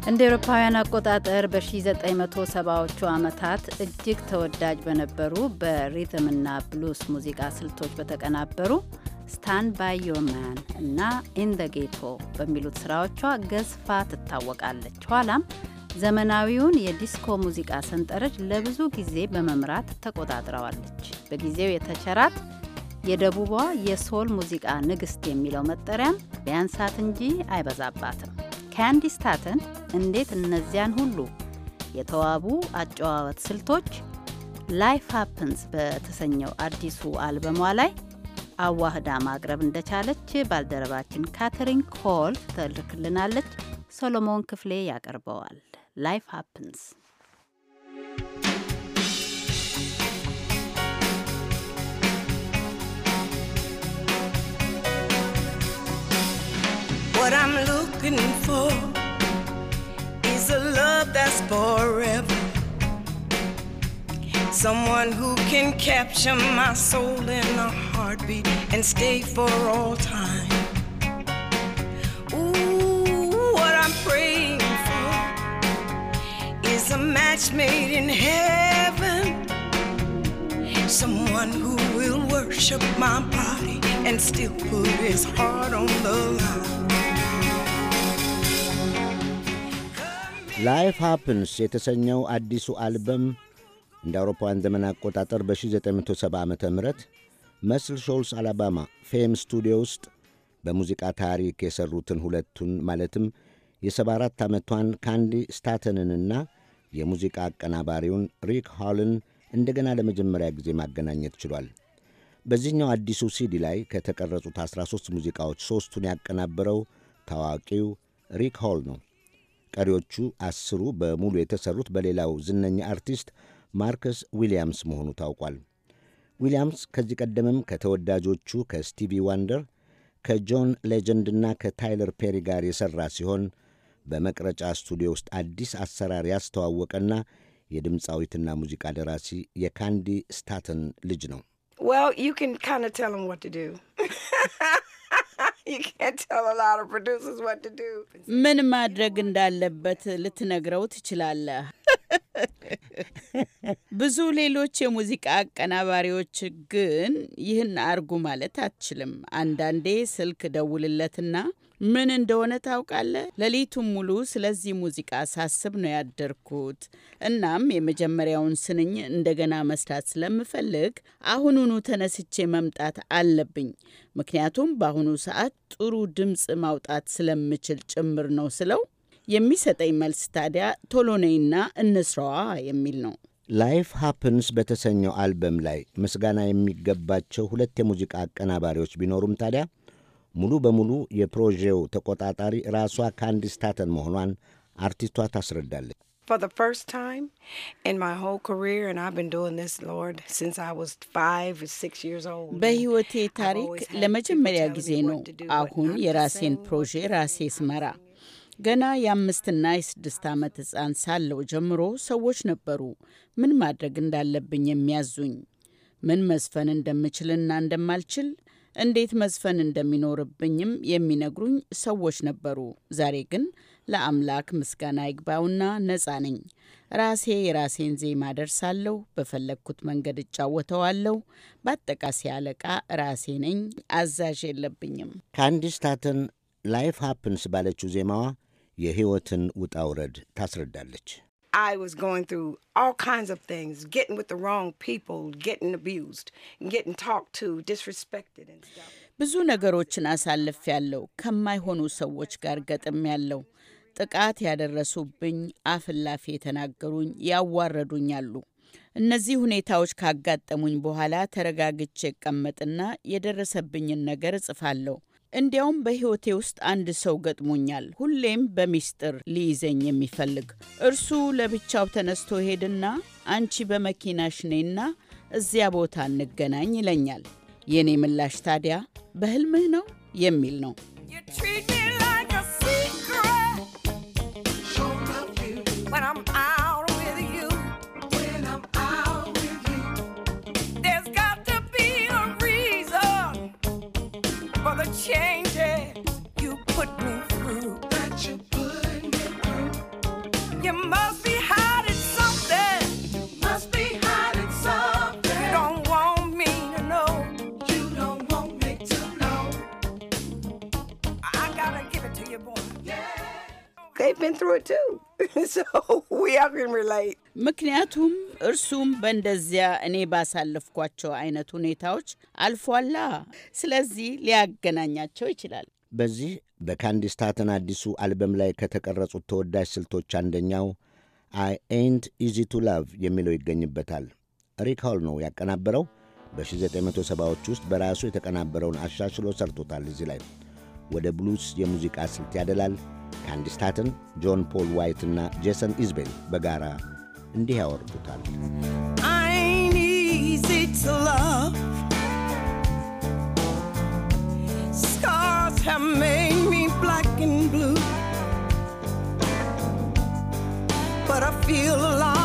እንደ ኤሮፓውያን አቆጣጠር በ1970ዎቹ ዓመታት እጅግ ተወዳጅ በነበሩ በሪትምና ብሉስ ሙዚቃ ስልቶች በተቀናበሩ ስታንድ ባይ ዮር ማን እና ኢን ዘ ጌቶ በሚሉት ስራዎቿ ገዝፋ ትታወቃለች። ኋላም ዘመናዊውን የዲስኮ ሙዚቃ ሰንጠረዥ ለብዙ ጊዜ በመምራት ተቆጣጥረዋለች። በጊዜው የተቸራት የደቡቧ የሶል ሙዚቃ ንግስት የሚለው መጠሪያም ቢያንሳት እንጂ አይበዛባትም። ካንዲስታተን እንዴት እነዚያን ሁሉ የተዋቡ አጨዋወት ስልቶች ላይፍ ሀፕንስ በተሰኘው አዲሱ አልበሟ ላይ አዋህዳ ማቅረብ እንደቻለች ባልደረባችን ካተሪን ኮል ትልክልናለች። ሰሎሞን ክፍሌ ያቀርበዋል። ላይፍ ሀፕንስ What I'm looking for is a love that's forever. Someone who can capture my soul in a heartbeat and stay for all time. Ooh, what I'm praying for is a match made in heaven. Someone who will worship my body and still put his heart on the line. ላይፍ ሃፕንስ የተሰኘው አዲሱ አልበም እንደ አውሮፓውያን ዘመን አቆጣጠር በ1970 ዓ ም መስል ሾልስ አላባማ ፌም ስቱዲዮ ውስጥ በሙዚቃ ታሪክ የሠሩትን ሁለቱን ማለትም የ74 ዓመቷን ካንዲ ስታተንንና የሙዚቃ አቀናባሪውን ሪክ ሃልን እንደገና ለመጀመሪያ ጊዜ ማገናኘት ችሏል። በዚህኛው አዲሱ ሲዲ ላይ ከተቀረጹት 13 ሙዚቃዎች ሦስቱን ያቀናበረው ታዋቂው ሪክ ሆል ነው። ቀሪዎቹ አስሩ በሙሉ የተሰሩት በሌላው ዝነኛ አርቲስት ማርከስ ዊሊያምስ መሆኑ ታውቋል። ዊሊያምስ ከዚህ ቀደምም ከተወዳጆቹ ከስቲቪ ዋንደር፣ ከጆን ሌጀንድና ከታይለር ፔሪ ጋር የሠራ ሲሆን በመቅረጫ ስቱዲዮ ውስጥ አዲስ አሰራር ያስተዋወቀና የድምፃዊትና ሙዚቃ ደራሲ የካንዲ ስታተን ልጅ ነው። [LAUGHS] [LAUGHS] ምን ማድረግ እንዳለበት ልትነግረው ትችላለህ። [LAUGHS] ብዙ ሌሎች የሙዚቃ አቀናባሪዎች ግን ይህን አርጉ ማለት አትችልም። አንዳንዴ ስልክ ደውልለትና ምን እንደሆነ ታውቃለ ሌሊቱን ሙሉ ስለዚህ ሙዚቃ ሳስብ ነው ያደርኩት። እናም የመጀመሪያውን ስንኝ እንደገና መስራት ስለምፈልግ አሁኑኑ ተነስቼ መምጣት አለብኝ፣ ምክንያቱም በአሁኑ ሰዓት ጥሩ ድምፅ ማውጣት ስለምችል ጭምር ነው ስለው የሚሰጠኝ መልስ ታዲያ ቶሎ ነይና እንስራዋ የሚል ነው። ላይፍ ሃፕንስ በተሰኘው አልበም ላይ ምስጋና የሚገባቸው ሁለት የሙዚቃ አቀናባሪዎች ቢኖሩም ታዲያ ሙሉ በሙሉ የፕሮጀው ተቆጣጣሪ ራሷ ካንዲስ መሆኗን አርቲስቷ ታስረዳለች። በሕይወቴ ታሪክ ለመጀመሪያ ጊዜ ነው አሁን የራሴን ፕሮዤ ራሴ ስመራ። ገና የአምስትና የስድስት ዓመት ህፃን ሳለው ጀምሮ ሰዎች ነበሩ ምን ማድረግ እንዳለብኝ የሚያዙኝ ምን መዝፈን እንደምችልና እንደማልችል እንዴት መዝፈን እንደሚኖርብኝም የሚነግሩኝ ሰዎች ነበሩ። ዛሬ ግን ለአምላክ ምስጋና ይግባውና ነጻ ነኝ። ራሴ የራሴን ዜማ ደርሳለሁ፣ በፈለግኩት መንገድ እጫወተዋለሁ። በአጠቃሴ አለቃ ራሴ ነኝ፣ አዛዥ የለብኝም። ካንዲስ ስታትን ላይፍ ሃፕንስ ባለችው ዜማዋ የሕይወትን ውጣ ውረድ ታስረዳለች። I was going through all kinds of things, getting with the wrong people, getting abused, and getting talked to, disrespected and stuff. ብዙ ነገሮችን አሳልፍ ያለው ከማይሆኑ ሰዎች ጋር ገጥም ያለው ጥቃት ያደረሱብኝ፣ አፍላፊ የተናገሩኝ፣ ያዋረዱኝ አሉ። እነዚህ ሁኔታዎች ካጋጠሙኝ በኋላ ተረጋግቼ እቀመጥና የደረሰብኝን ነገር እጽፋለሁ። እንዲያውም በሕይወቴ ውስጥ አንድ ሰው ገጥሞኛል፣ ሁሌም በሚስጥር ሊይዘኝ የሚፈልግ እርሱ ለብቻው ተነስቶ ሄድና አንቺ በመኪናሽ ነይና እዚያ ቦታ እንገናኝ ይለኛል። የእኔ ምላሽ ታዲያ በሕልምህ ነው የሚል ነው። [LAUGHS] ምክንያቱም እርሱም በእንደዚያ እኔ ባሳለፍኳቸው አይነት ሁኔታዎች አልፏላ። ስለዚህ ሊያገናኛቸው ይችላል። በዚህ በካንዲስታትን አዲሱ አልበም ላይ ከተቀረጹት ተወዳጅ ስልቶች አንደኛው አይ ኤንት ኢዚ ቱ ላቭ የሚለው ይገኝበታል። ሪካል ነው ያቀናበረው። በ1970ዎች ውስጥ በራሱ የተቀናበረውን አሻሽሎ ሰርቶታል። እዚህ ላይ ወደ ብሉስ የሙዚቃ ስልት ያደላል። ከአንድ ስታተን ጆን ፖል ዋይት እና ጄሰን ኢዝቤል በጋራ እንዲህ ያወርዱታል። But I feel alive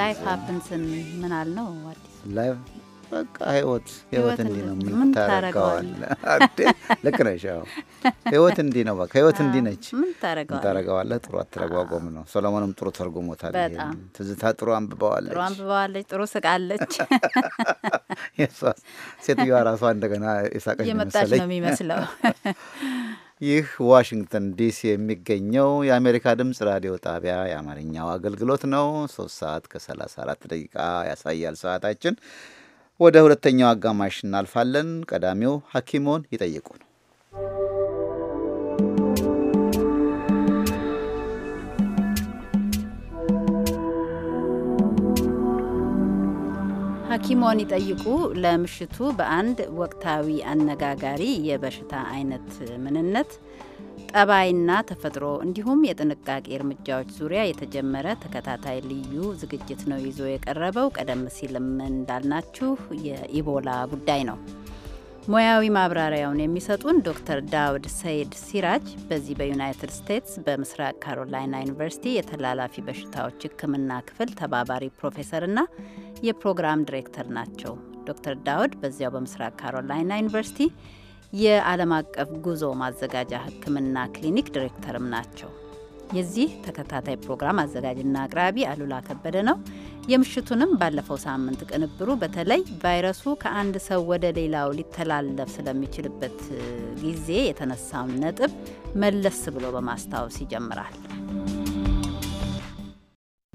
ላይፍ ሀፕንስን ምናል ነው አዲስ ላይፍ በቃ ህይወት ህይወት እንዲህ ነው። ምን ታረገዋለህ? ልክ ነሽ። ያው ህይወት እንዲህ ነው። በቃ ህይወት እንዲህ ነች። ምን ታረገዋለህ? ጥሩ አተረጓጎም ነው። ሰሎሞንም ጥሩ ተርጉሞታል። ትዝታ ጥሩ አንብበዋለች፣ ጥሩ አንብበዋለች፣ ጥሩ ስቃለች። [LAUGHS] ሴትዮዋ ራሷ እንደገና የሳቀች ነው የሚመስለው። [LAUGHS] ይህ ዋሽንግተን ዲሲ የሚገኘው የአሜሪካ ድምፅ ራዲዮ ጣቢያ የአማርኛው አገልግሎት ነው። ሶስት ሰዓት ከ34 ደቂቃ ያሳያል ሰዓታችን። ወደ ሁለተኛው አጋማሽ እናልፋለን። ቀዳሚው ሐኪሞን ይጠይቁ ነው። ሐኪሞን ይጠይቁ ለምሽቱ በአንድ ወቅታዊ አነጋጋሪ የበሽታ አይነት ምንነት፣ ጠባይና ተፈጥሮ እንዲሁም የጥንቃቄ እርምጃዎች ዙሪያ የተጀመረ ተከታታይ ልዩ ዝግጅት ነው ይዞ የቀረበው። ቀደም ሲልም እንዳልናችሁ የኢቦላ ጉዳይ ነው። ሙያዊ ማብራሪያውን የሚሰጡን ዶክተር ዳውድ ሰይድ ሲራጅ በዚህ በዩናይትድ ስቴትስ በምስራቅ ካሮላይና ዩኒቨርሲቲ የተላላፊ በሽታዎች ሕክምና ክፍል ተባባሪ ፕሮፌሰርና የፕሮግራም ዲሬክተር ናቸው። ዶክተር ዳውድ በዚያው በምስራቅ ካሮላይና ዩኒቨርሲቲ የዓለም አቀፍ ጉዞ ማዘጋጃ ሕክምና ክሊኒክ ዲሬክተርም ናቸው። የዚህ ተከታታይ ፕሮግራም አዘጋጅና አቅራቢ አሉላ ከበደ ነው። የምሽቱንም ባለፈው ሳምንት ቅንብሩ በተለይ ቫይረሱ ከአንድ ሰው ወደ ሌላው ሊተላለፍ ስለሚችልበት ጊዜ የተነሳውን ነጥብ መለስ ብሎ በማስታወስ ይጀምራል።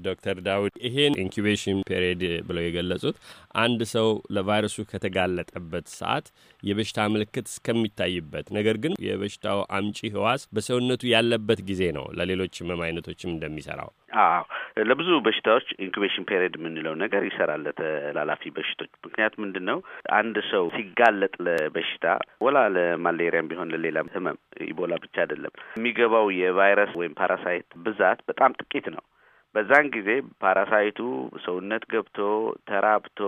ዶክተር ዳዊድ ይሄን ኢንኩቤሽን ፔሪድ ብለው የገለጹት አንድ ሰው ለቫይረሱ ከተጋለጠበት ሰዓት የበሽታ ምልክት እስከሚታይበት ነገር ግን የበሽታው አምጪ ህዋስ በሰውነቱ ያለበት ጊዜ ነው። ለሌሎች ህመም አይነቶችም እንደሚሰራው አዎ፣ ለብዙ በሽታዎች ኢንኩቤሽን ፔሪድ የምንለው ነገር ይሰራል። ለተላላፊ በሽቶች ምክንያት ምንድን ነው? አንድ ሰው ሲጋለጥ ለበሽታ ወላ ለማሌሪያም ቢሆን ለሌላም ህመም ኢቦላ ብቻ አይደለም የሚገባው የቫይረስ ወይም ፓራሳይት ብዛት በጣም ጥቂት ነው። በዛን ጊዜ ፓራሳይቱ ሰውነት ገብቶ ተራብቶ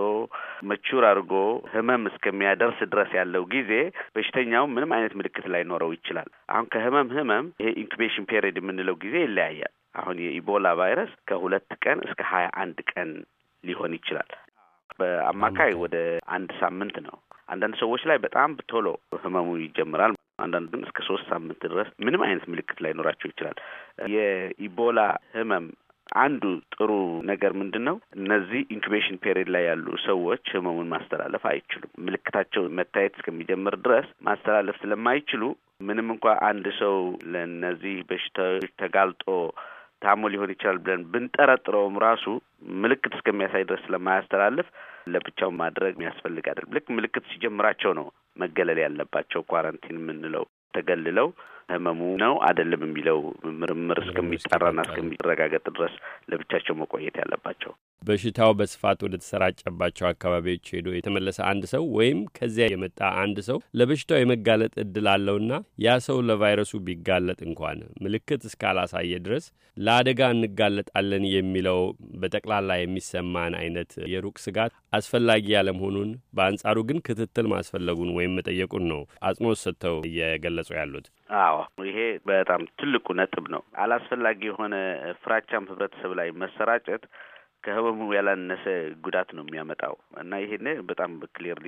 መቹር አድርጎ ህመም እስከሚያደርስ ድረስ ያለው ጊዜ በሽተኛው ምንም አይነት ምልክት ላይኖረው ይችላል። አሁን ከህመም ህመም ይሄ ኢንኩቤሽን ፔሪድ የምንለው ጊዜ ይለያያል። አሁን የኢቦላ ቫይረስ ከሁለት ቀን እስከ ሀያ አንድ ቀን ሊሆን ይችላል። በአማካይ ወደ አንድ ሳምንት ነው። አንዳንድ ሰዎች ላይ በጣም ቶሎ ህመሙ ይጀምራል። አንዳንዱ ግን እስከ ሶስት ሳምንት ድረስ ምንም አይነት ምልክት ላይኖራቸው ይችላል። የኢቦላ ህመም አንዱ ጥሩ ነገር ምንድን ነው? እነዚህ ኢንኩቤሽን ፔሪድ ላይ ያሉ ሰዎች ህመሙን ማስተላለፍ አይችሉም። ምልክታቸው መታየት እስከሚጀምር ድረስ ማስተላለፍ ስለማይችሉ ምንም እንኳ አንድ ሰው ለእነዚህ በሽታዎች ተጋልጦ ታሞ ሊሆን ይችላል ብለን ብንጠረጥረውም ራሱ ምልክት እስከሚያሳይ ድረስ ስለማያስተላልፍ ለብቻው ማድረግ የሚያስፈልግ አይደለም። ልክ ምልክት ሲጀምራቸው ነው መገለል ያለባቸው ኳረንቲን የምንለው ተገልለው ህመሙ ነው አይደለም የሚለው ምርምር እስከሚጠራና እስከሚረጋገጥ ድረስ ለብቻቸው መቆየት ያለባቸው በሽታው በስፋት ወደ ተሰራጨባቸው አካባቢዎች ሄዶ የተመለሰ አንድ ሰው ወይም ከዚያ የመጣ አንድ ሰው ለበሽታው የመጋለጥ እድል አለውና ያ ሰው ለቫይረሱ ቢጋለጥ እንኳን ምልክት እስካላሳየ ድረስ ለአደጋ እንጋለጣለን የሚለው በጠቅላላ የሚሰማን አይነት የሩቅ ስጋት አስፈላጊ ያለመሆኑን፣ በአንጻሩ ግን ክትትል ማስፈለጉን ወይም መጠየቁን ነው አጽንኦት ሰጥተው እየገለጹ ያሉት። አዎ ይሄ በጣም ትልቁ ነጥብ ነው። አላስፈላጊ የሆነ ፍራቻም ህብረተሰብ ላይ መሰራጨት ከህመሙ ያላነሰ ጉዳት ነው የሚያመጣው እና ይሄን በጣም ክሊርሊ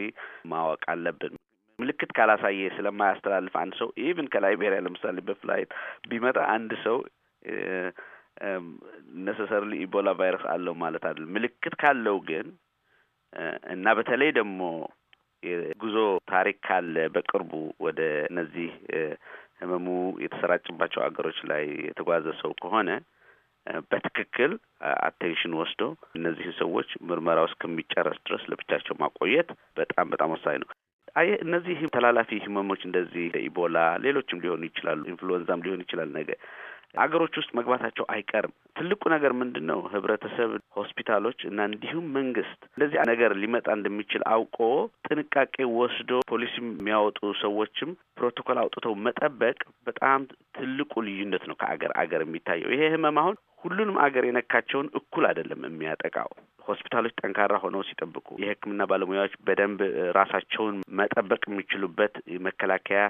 ማወቅ አለብን። ምልክት ካላሳየ ስለማያስተላልፍ አንድ ሰው ኢቭን ከላይቤሪያ ለምሳሌ በፍላይት ቢመጣ አንድ ሰው ነሰሰርሊ ኢቦላ ቫይረስ አለው ማለት አይደለም። ምልክት ካለው ግን እና በተለይ ደግሞ የጉዞ ታሪክ ካለ በቅርቡ ወደ እነዚህ ህመሙ የተሰራጨባቸው አገሮች ላይ የተጓዘ ሰው ከሆነ በትክክል አቴንሽን ወስዶ እነዚህ ሰዎች ምርመራው እስከሚጨረስ ድረስ ለብቻቸው ማቆየት በጣም በጣም ወሳኝ ነው። አየ እነዚህ ተላላፊ ህመሞች እንደዚህ ኢቦላ፣ ሌሎችም ሊሆኑ ይችላሉ፣ ኢንፍሉዌንዛም ሊሆን ይችላል ነገ አገሮች ውስጥ መግባታቸው አይቀርም። ትልቁ ነገር ምንድን ነው? ህብረተሰብ፣ ሆስፒታሎች እና እንዲሁም መንግስት እንደዚህ ነገር ሊመጣ እንደሚችል አውቆ ጥንቃቄ ወስዶ ፖሊሲ የሚያወጡ ሰዎችም ፕሮቶኮል አውጥተው መጠበቅ በጣም ትልቁ ልዩነት ነው ከአገር አገር የሚታየው። ይሄ ህመም አሁን ሁሉንም አገር የነካቸውን እኩል አይደለም የሚያጠቃው። ሆስፒታሎች ጠንካራ ሆነው ሲጠብቁ፣ የሕክምና ባለሙያዎች በደንብ ራሳቸውን መጠበቅ የሚችሉበት መከላከያ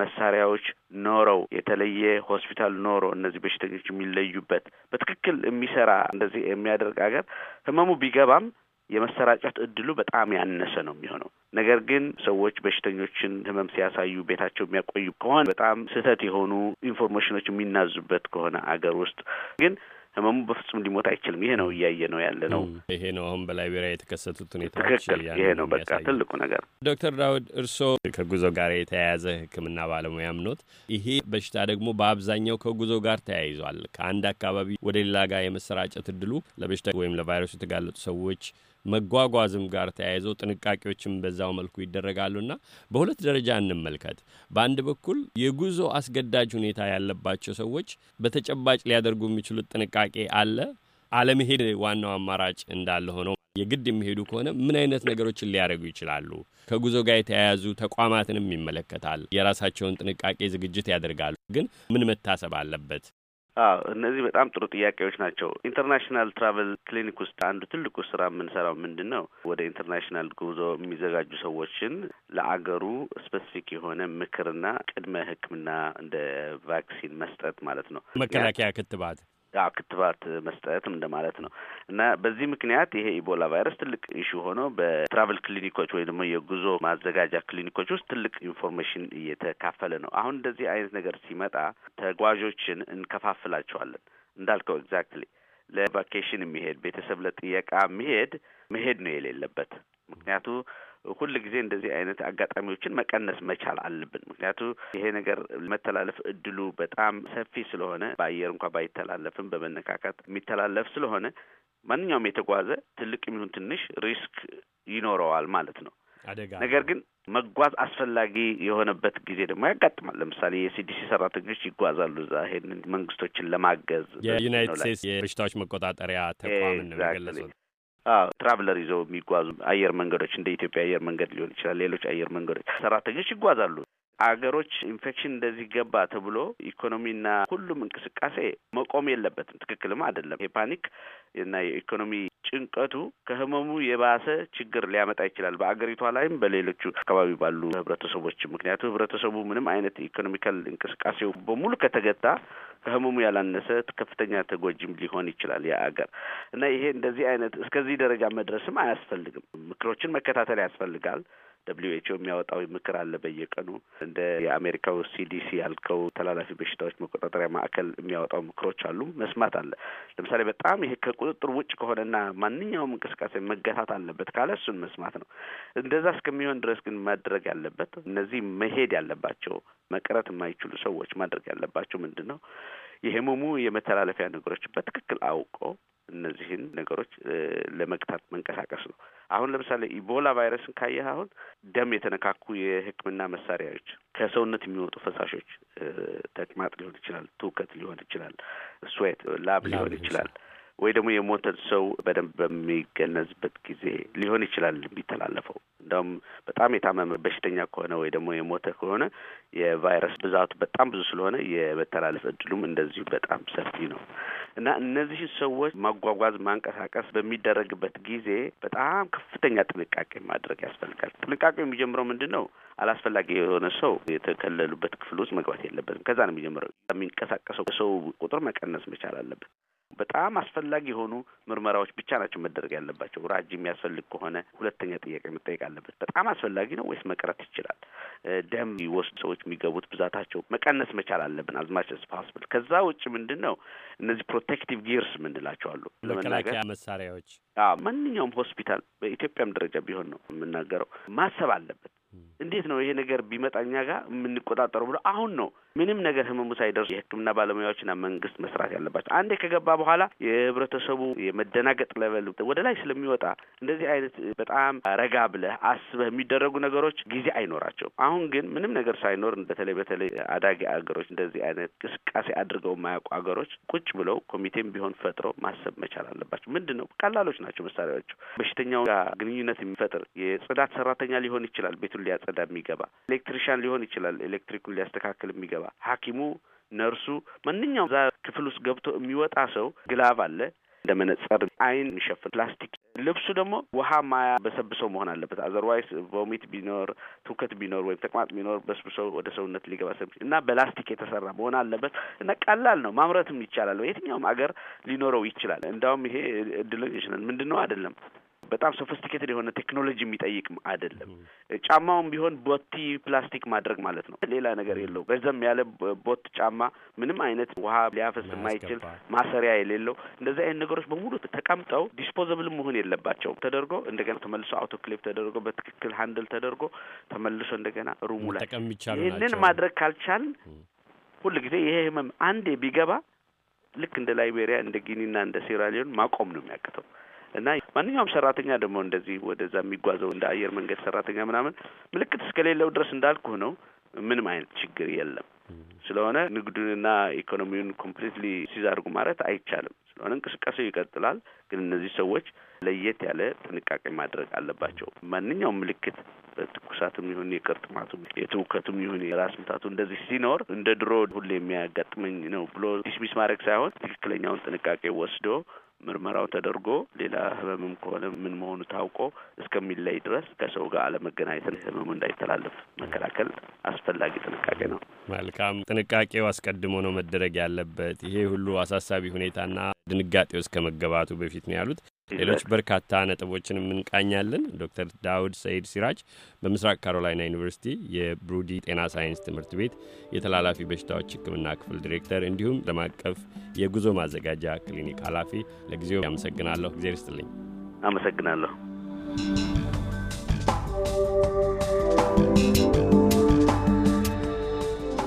መሳሪያዎች ኖረው፣ የተለየ ሆስፒታል ኖሮ እነዚህ በሽተኞች የሚለዩበት በትክክል የሚሰራ እንደዚህ የሚያደርግ አገር ህመሙ ቢገባም የመሰራጨት እድሉ በጣም ያነሰ ነው የሚሆነው። ነገር ግን ሰዎች በሽተኞችን ህመም ሲያሳዩ ቤታቸው የሚያቆዩ ከሆነ በጣም ስህተት የሆኑ ኢንፎርሜሽኖች የሚናዙበት ከሆነ አገር ውስጥ ግን ህመሙ በፍጹም ሊሞት አይችልም። ይሄ ነው እያየ ነው ያለ ነው። ይሄ ነው አሁን በላይቤሪያ የተከሰቱት ሁኔታዎች። ይሄ ነው በቃ ትልቁ ነገር። ዶክተር ዳውድ እርስዎ ከጉዞ ጋር የተያያዘ ሕክምና ባለሙያም ኖት። ይሄ በሽታ ደግሞ በአብዛኛው ከጉዞ ጋር ተያይዟል። ከአንድ አካባቢ ወደ ሌላ ጋር የመሰራጨት እድሉ ለበሽታ ወይም ለቫይረሱ የተጋለጡ ሰዎች መጓጓዝም ጋር ተያይዞ ጥንቃቄዎችም በዛው መልኩ ይደረጋሉና በሁለት ደረጃ እንመልከት። በአንድ በኩል የጉዞ አስገዳጅ ሁኔታ ያለባቸው ሰዎች በተጨባጭ ሊያደርጉ የሚችሉት ጥንቃቄ አለ። አለመሄድ ዋናው አማራጭ እንዳለ ሆኖ የግድ የሚሄዱ ከሆነ ምን አይነት ነገሮችን ሊያደርጉ ይችላሉ? ከጉዞ ጋር የተያያዙ ተቋማትንም ይመለከታል። የራሳቸውን ጥንቃቄ ዝግጅት ያደርጋሉ። ግን ምን መታሰብ አለበት? አዎ እነዚህ በጣም ጥሩ ጥያቄዎች ናቸው። ኢንተርናሽናል ትራቨል ክሊኒክ ውስጥ አንዱ ትልቁ ስራ የምንሰራው ምንድን ነው? ወደ ኢንተርናሽናል ጉዞ የሚዘጋጁ ሰዎችን ለአገሩ ስፔሲፊክ የሆነ ምክርና ቅድመ ሕክምና እንደ ቫክሲን መስጠት ማለት ነው። መከላከያ ክትባት ክትባት መስጠት እንደማለት ነው እና በዚህ ምክንያት ይሄ ኢቦላ ቫይረስ ትልቅ ኢሹ ሆኖ በትራቭል ክሊኒኮች ወይ ደግሞ የጉዞ ማዘጋጃ ክሊኒኮች ውስጥ ትልቅ ኢንፎርሜሽን እየተካፈለ ነው። አሁን እንደዚህ አይነት ነገር ሲመጣ ተጓዦችን እንከፋፍላቸዋለን እንዳልከው ኤግዛክትሊ ለቫኬሽን የሚሄድ ቤተሰብ ለጥየቃ የሚሄድ መሄድ ነው የሌለበት ምክንያቱ ሁል ጊዜ እንደዚህ አይነት አጋጣሚዎችን መቀነስ መቻል አለብን። ምክንያቱ ይሄ ነገር መተላለፍ እድሉ በጣም ሰፊ ስለሆነ በአየር እንኳ ባይተላለፍም በመነካካት የሚተላለፍ ስለሆነ ማንኛውም የተጓዘ ትልቅ የሚሆን ትንሽ ሪስክ ይኖረዋል ማለት ነው። ነገር ግን መጓዝ አስፈላጊ የሆነበት ጊዜ ደግሞ ያጋጥማል። ለምሳሌ የሲዲሲ ሰራተኞች ይጓዛሉ እዛ ይሄንን መንግስቶችን ለማገዝ የዩናይትድ ስቴትስ የበሽታዎች መቆጣጠሪያ ተቋምን ነው የገለጹት። ትራቭለር ይዘው የሚጓዙ አየር መንገዶች እንደ ኢትዮጵያ አየር መንገድ ሊሆን ይችላል። ሌሎች አየር መንገዶች ሰራተኞች ይጓዛሉ። አገሮች ኢንፌክሽን እንደዚህ ገባ ተብሎ ኢኮኖሚና ሁሉም እንቅስቃሴ መቆም የለበትም። ትክክልም አይደለም። ይሄ ፓኒክ እና የኢኮኖሚ ጭንቀቱ ከህመሙ የባሰ ችግር ሊያመጣ ይችላል። በአገሪቷ ላይም በሌሎቹ አካባቢ ባሉ ህብረተሰቦች ምክንያቱ ህብረተሰቡ ምንም አይነት ኢኮኖሚካል እንቅስቃሴው በሙሉ ከተገታ ከህመሙ ያላነሰ ከፍተኛ ተጎጂም ሊሆን ይችላል የአገር እና ይሄ እንደዚህ አይነት እስከዚህ ደረጃ መድረስም አያስፈልግም። ምክሮችን መከታተል ያስፈልጋል። ደብሊዩ ኤችኦ የሚያወጣው ምክር አለ በየቀኑ እንደ የአሜሪካው ሲዲሲ ያልከው ተላላፊ በሽታዎች መቆጣጠሪያ ማዕከል የሚያወጣው ምክሮች አሉ። መስማት አለ። ለምሳሌ በጣም ይሄ ከቁጥጥር ውጭ ከሆነና ማንኛውም እንቅስቃሴ መገታት አለበት ካለ እሱን መስማት ነው። እንደዛ እስከሚሆን ድረስ ግን ማድረግ ያለበት እነዚህ መሄድ ያለባቸው መቅረት የማይችሉ ሰዎች ማድረግ ያለባቸው ምንድን ነው? የህመሙ የመተላለፊያ ነገሮች በትክክል አውቆ እነዚህን ነገሮች ለመግታት መንቀሳቀስ ነው። አሁን ለምሳሌ ኢቦላ ቫይረስን ካየህ አሁን ደም የተነካኩ የሕክምና መሳሪያዎች፣ ከሰውነት የሚወጡ ፈሳሾች፣ ተቅማጥ ሊሆን ይችላል፣ ትውከት ሊሆን ይችላል፣ ስዌት ላብ ሊሆን ይችላል ወይ ደግሞ የሞተን ሰው በደንብ በሚገነዝበት ጊዜ ሊሆን ይችላል የሚተላለፈው። እንደውም በጣም የታመመ በሽተኛ ከሆነ ወይ ደግሞ የሞተ ከሆነ የቫይረስ ብዛቱ በጣም ብዙ ስለሆነ የመተላለፍ እድሉም እንደዚሁ በጣም ሰፊ ነው እና እነዚህ ሰዎች ማጓጓዝ፣ ማንቀሳቀስ በሚደረግበት ጊዜ በጣም ከፍተኛ ጥንቃቄ ማድረግ ያስፈልጋል። ጥንቃቄ የሚጀምረው ምንድን ነው? አላስፈላጊ የሆነ ሰው የተከለሉበት ክፍል ውስጥ መግባት የለበትም። ከዛ ነው የሚጀምረው። የሚንቀሳቀሰው ሰው ቁጥር መቀነስ መቻል አለበት። በጣም አስፈላጊ የሆኑ ምርመራዎች ብቻ ናቸው መደረግ ያለባቸው። ራጅ የሚያስፈልግ ከሆነ ሁለተኛ ጥያቄ መጠየቅ አለበት። በጣም አስፈላጊ ነው ወይስ መቅረት ይችላል? ደም ይወስድ ሰዎች የሚገቡት ብዛታቸው መቀነስ መቻል አለብን አዝማች ፓስብል ከዛ ውጭ ምንድን ነው እነዚህ ፕሮቴክቲቭ ጊርስ ምንላቸው አሉ ለመናገር መሳሪያዎች። ማንኛውም ሆስፒታል በኢትዮጵያም ደረጃ ቢሆን ነው የምናገረው ማሰብ አለበት እንዴት ነው ይሄ ነገር ቢመጣ እኛ ጋር የምንቆጣጠረው ብሎ አሁን ነው ምንም ነገር ህመሙ ሳይደርሱ የህክምና ባለሙያዎችና መንግስት መስራት ያለባቸው። አንዴ ከገባ በኋላ የህብረተሰቡ የመደናገጥ ለበል ወደ ላይ ስለሚወጣ እንደዚህ አይነት በጣም ረጋ ብለህ አስበህ የሚደረጉ ነገሮች ጊዜ አይኖራቸውም። አሁን ግን ምንም ነገር ሳይኖር በተለይ በተለይ አዳጊ አገሮች እንደዚህ አይነት እንቅስቃሴ አድርገው የማያውቁ አገሮች ቁጭ ብለው ኮሚቴም ቢሆን ፈጥሮ ማሰብ መቻል አለባቸው። ምንድን ነው ቀላሎች ናቸው መሳሪያዎቹ። በሽተኛው ጋር ግንኙነት የሚፈጥር የጽዳት ሰራተኛ ሊሆን ይችላል ቤቱ ቤቱን ሊያጸዳ የሚገባ ኤሌክትሪሻን ሊሆን ይችላል፣ ኤሌክትሪኩን ሊያስተካክል የሚገባ ሐኪሙ፣ ነርሱ፣ ማንኛውም እዛ ክፍል ውስጥ ገብቶ የሚወጣ ሰው ግላብ አለ እንደ መነጸር አይን የሚሸፍን ፕላስቲክ ልብሱ ደግሞ ውሃ ማያ በሰብሰው መሆን አለበት። አዘርዋይስ ቮሚት ቢኖር ትውከት ቢኖር ወይም ተቅማጥ ቢኖር በስብሰው ወደ ሰውነት ሊገባ ሰብ እና በላስቲክ የተሰራ መሆን አለበት እና ቀላል ነው። ማምረትም ይቻላል። የትኛውም አገር ሊኖረው ይችላል። እንዳውም ይሄ እድለኞች ይችላል ምንድን ነው አይደለም በጣም ሶፊስቲኬትድ የሆነ ቴክኖሎጂ የሚጠይቅ አይደለም። ጫማውን ቢሆን ቦቲ ፕላስቲክ ማድረግ ማለት ነው። ሌላ ነገር የለው። ረዘም ያለ ቦት ጫማ፣ ምንም አይነት ውሃ ሊያፈስ የማይችል ማሰሪያ የሌለው እንደዚህ አይነት ነገሮች በሙሉ ተቀምጠው ዲስፖዘብል መሆን የለባቸው ተደርጎ እንደገና ተመልሶ አውቶክሌቭ ተደርጎ በትክክል ሃንድል ተደርጎ ተመልሶ እንደገና ሩሙ ላይ ይህንን ማድረግ ካልቻልን ጊዜ ይሄ ህመም አንዴ ቢገባ ልክ እንደ ላይቤሪያ እንደ ጊኒና እንደ ሴራሊዮን ማቆም ነው የሚያቅተው። እና ማንኛውም ሰራተኛ ደግሞ እንደዚህ ወደዛ የሚጓዘው እንደ አየር መንገድ ሰራተኛ ምናምን ምልክት እስከሌለው ድረስ እንዳልኩህ ነው ምንም አይነት ችግር የለም። ስለሆነ ንግዱንና ኢኮኖሚውን ኮምፕሊትሊ ሲዛርጉ ማለት አይቻልም። ስለሆነ እንቅስቃሴው ይቀጥላል። ግን እነዚህ ሰዎች ለየት ያለ ጥንቃቄ ማድረግ አለባቸው። ማንኛውም ምልክት ትኩሳትም ይሁን የቅርጥማቱም፣ የትውከቱም ይሁን የራስ ምታቱ እንደዚህ ሲኖር እንደ ድሮ ሁሌ የሚያጋጥመኝ ነው ብሎ ዲስሚስ ማድረግ ሳይሆን ትክክለኛውን ጥንቃቄ ወስዶ ምርመራው ተደርጎ ሌላ ህመምም ከሆነ ምን መሆኑ ታውቆ እስከሚለይ ድረስ ከሰው ጋር አለመገናኘትን ህመሙ እንዳይተላለፍ መከላከል አስፈላጊ ጥንቃቄ ነው። መልካም ጥንቃቄው አስቀድሞ ነው መደረግ ያለበት። ይሄ ሁሉ አሳሳቢ ሁኔታና ድንጋጤ ውስጥ ከመገባቱ በፊት ነው ያሉት። ሌሎች በርካታ ነጥቦችን የምንቃኛለን። ዶክተር ዳውድ ሰይድ ሲራጅ በምስራቅ ካሮላይና ዩኒቨርሲቲ የብሩዲ ጤና ሳይንስ ትምህርት ቤት የተላላፊ በሽታዎች ሕክምና ክፍል ዲሬክተር እንዲሁም ዓለም አቀፍ የጉዞ ማዘጋጃ ክሊኒክ ኃላፊ፣ ለጊዜው ያመሰግናለሁ። እግዜር ይስጥልኝ። አመሰግናለሁ።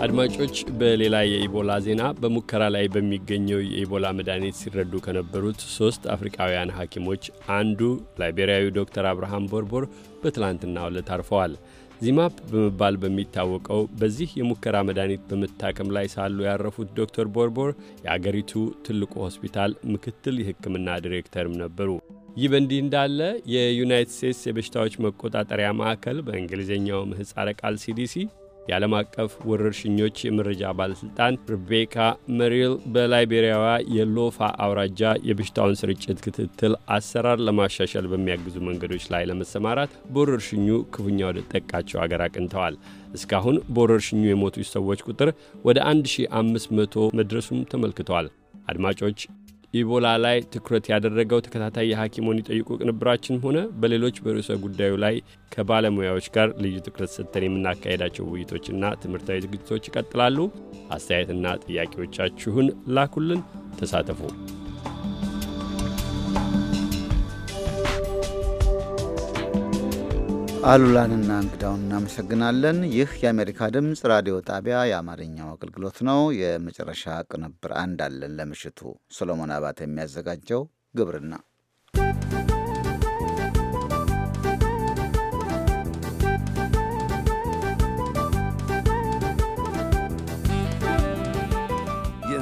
አድማጮች፣ በሌላ የኢቦላ ዜና በሙከራ ላይ በሚገኘው የኢቦላ መድኃኒት ሲረዱ ከነበሩት ሶስት አፍሪካውያን ሐኪሞች አንዱ ላይቤሪያዊ ዶክተር አብርሃም ቦርቦር በትላንትናው ዕለት አርፈዋል። ዚማፕ በመባል በሚታወቀው በዚህ የሙከራ መድኃኒት በመታከም ላይ ሳሉ ያረፉት ዶክተር ቦርቦር የአገሪቱ ትልቁ ሆስፒታል ምክትል የሕክምና ዲሬክተርም ነበሩ። ይህ በእንዲህ እንዳለ የዩናይትድ ስቴትስ የበሽታዎች መቆጣጠሪያ ማዕከል በእንግሊዝኛው ምህጻረ ቃል ሲዲሲ የዓለም አቀፍ ወረርሽኞች የመረጃ ባለሥልጣን ሪቤካ መሪል በላይቤሪያዋ የሎፋ አውራጃ የበሽታውን ስርጭት ክትትል አሰራር ለማሻሻል በሚያግዙ መንገዶች ላይ ለመሰማራት በወረርሽኙ ክፉኛ ወደ ጠቃቸው አገር አቅንተዋል። እስካሁን በወረርሽኙ የሞቱ ሰዎች ቁጥር ወደ 1500 መድረሱም ተመልክተዋል። አድማጮች ኢቦላ ላይ ትኩረት ያደረገው ተከታታይ የሐኪሙን ይጠይቁ ቅንብራችን ሆነ በሌሎች በርዕሰ ጉዳዩ ላይ ከባለሙያዎች ጋር ልዩ ትኩረት ሰጥተን የምናካሄዳቸው ውይይቶችና ትምህርታዊ ዝግጅቶች ይቀጥላሉ። አስተያየትና ጥያቄዎቻችሁን ላኩልን፣ ተሳተፉ። አሉላንና እንግዳውን እናመሰግናለን። ይህ የአሜሪካ ድምፅ ራዲዮ ጣቢያ የአማርኛው አገልግሎት ነው። የመጨረሻ ቅንብር አንድ አለን ለምሽቱ። ሰሎሞን አባተ የሚያዘጋጀው ግብርና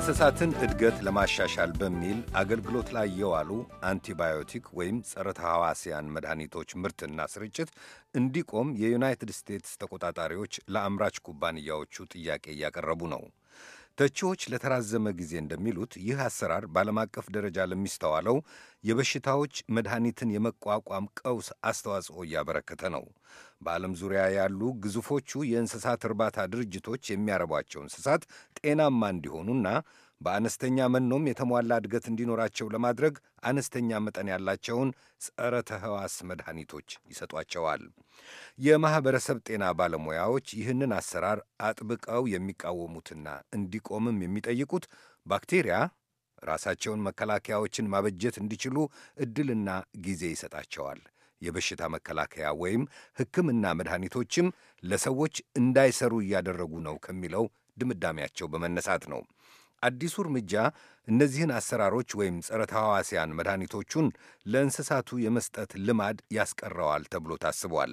የእንስሳትን እድገት ለማሻሻል በሚል አገልግሎት ላይ የዋሉ አንቲባዮቲክ ወይም ጸረ ተሐዋስያን መድኃኒቶች ምርትና ስርጭት እንዲቆም የዩናይትድ ስቴትስ ተቆጣጣሪዎች ለአምራች ኩባንያዎቹ ጥያቄ እያቀረቡ ነው። ተቺዎች ለተራዘመ ጊዜ እንደሚሉት ይህ አሰራር በዓለም አቀፍ ደረጃ ለሚስተዋለው የበሽታዎች መድኃኒትን የመቋቋም ቀውስ አስተዋጽኦ እያበረከተ ነው። በዓለም ዙሪያ ያሉ ግዙፎቹ የእንስሳት እርባታ ድርጅቶች የሚያረቧቸው እንስሳት ጤናማ እንዲሆኑና በአነስተኛ መኖም የተሟላ እድገት እንዲኖራቸው ለማድረግ አነስተኛ መጠን ያላቸውን ጸረ ተህዋስ መድኃኒቶች ይሰጧቸዋል። የማኅበረሰብ ጤና ባለሙያዎች ይህንን አሰራር አጥብቀው የሚቃወሙትና እንዲቆምም የሚጠይቁት ባክቴሪያ ራሳቸውን መከላከያዎችን ማበጀት እንዲችሉ ዕድልና ጊዜ ይሰጣቸዋል። የበሽታ መከላከያ ወይም ሕክምና መድኃኒቶችም ለሰዎች እንዳይሰሩ እያደረጉ ነው ከሚለው ድምዳሜያቸው በመነሳት ነው። አዲሱ እርምጃ እነዚህን አሰራሮች ወይም ጸረ ተሐዋስያን መድኃኒቶቹን ለእንስሳቱ የመስጠት ልማድ ያስቀረዋል ተብሎ ታስቧል።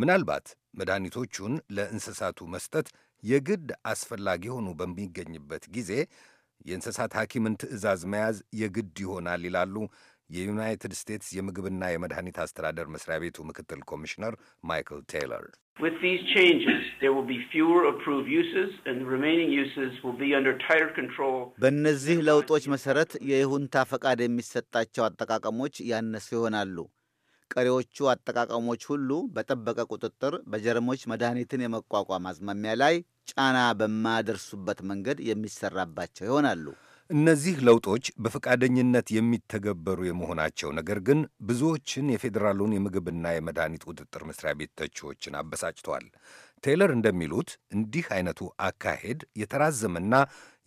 ምናልባት መድኃኒቶቹን ለእንስሳቱ መስጠት የግድ አስፈላጊ ሆኑ በሚገኝበት ጊዜ የእንስሳት ሐኪምን ትዕዛዝ መያዝ የግድ ይሆናል ይላሉ የዩናይትድ ስቴትስ የምግብና የመድኃኒት አስተዳደር መስሪያ ቤቱ ምክትል ኮሚሽነር ማይክል ቴይለር በእነዚህ ለውጦች መሠረት የይሁንታ ፈቃድ የሚሰጣቸው አጠቃቀሞች ያነሱ ይሆናሉ። ቀሪዎቹ አጠቃቀሞች ሁሉ በጠበቀ ቁጥጥር በጀርሞች መድኃኒትን የመቋቋም አዝማሚያ ላይ ጫና በማያደርሱበት መንገድ የሚሰራባቸው ይሆናሉ። እነዚህ ለውጦች በፈቃደኝነት የሚተገበሩ የመሆናቸው ነገር ግን ብዙዎችን የፌዴራሉን የምግብና የመድኃኒት ቁጥጥር መስሪያ ቤት ተቺዎችን አበሳጭተዋል። ቴይለር እንደሚሉት እንዲህ አይነቱ አካሄድ የተራዘመና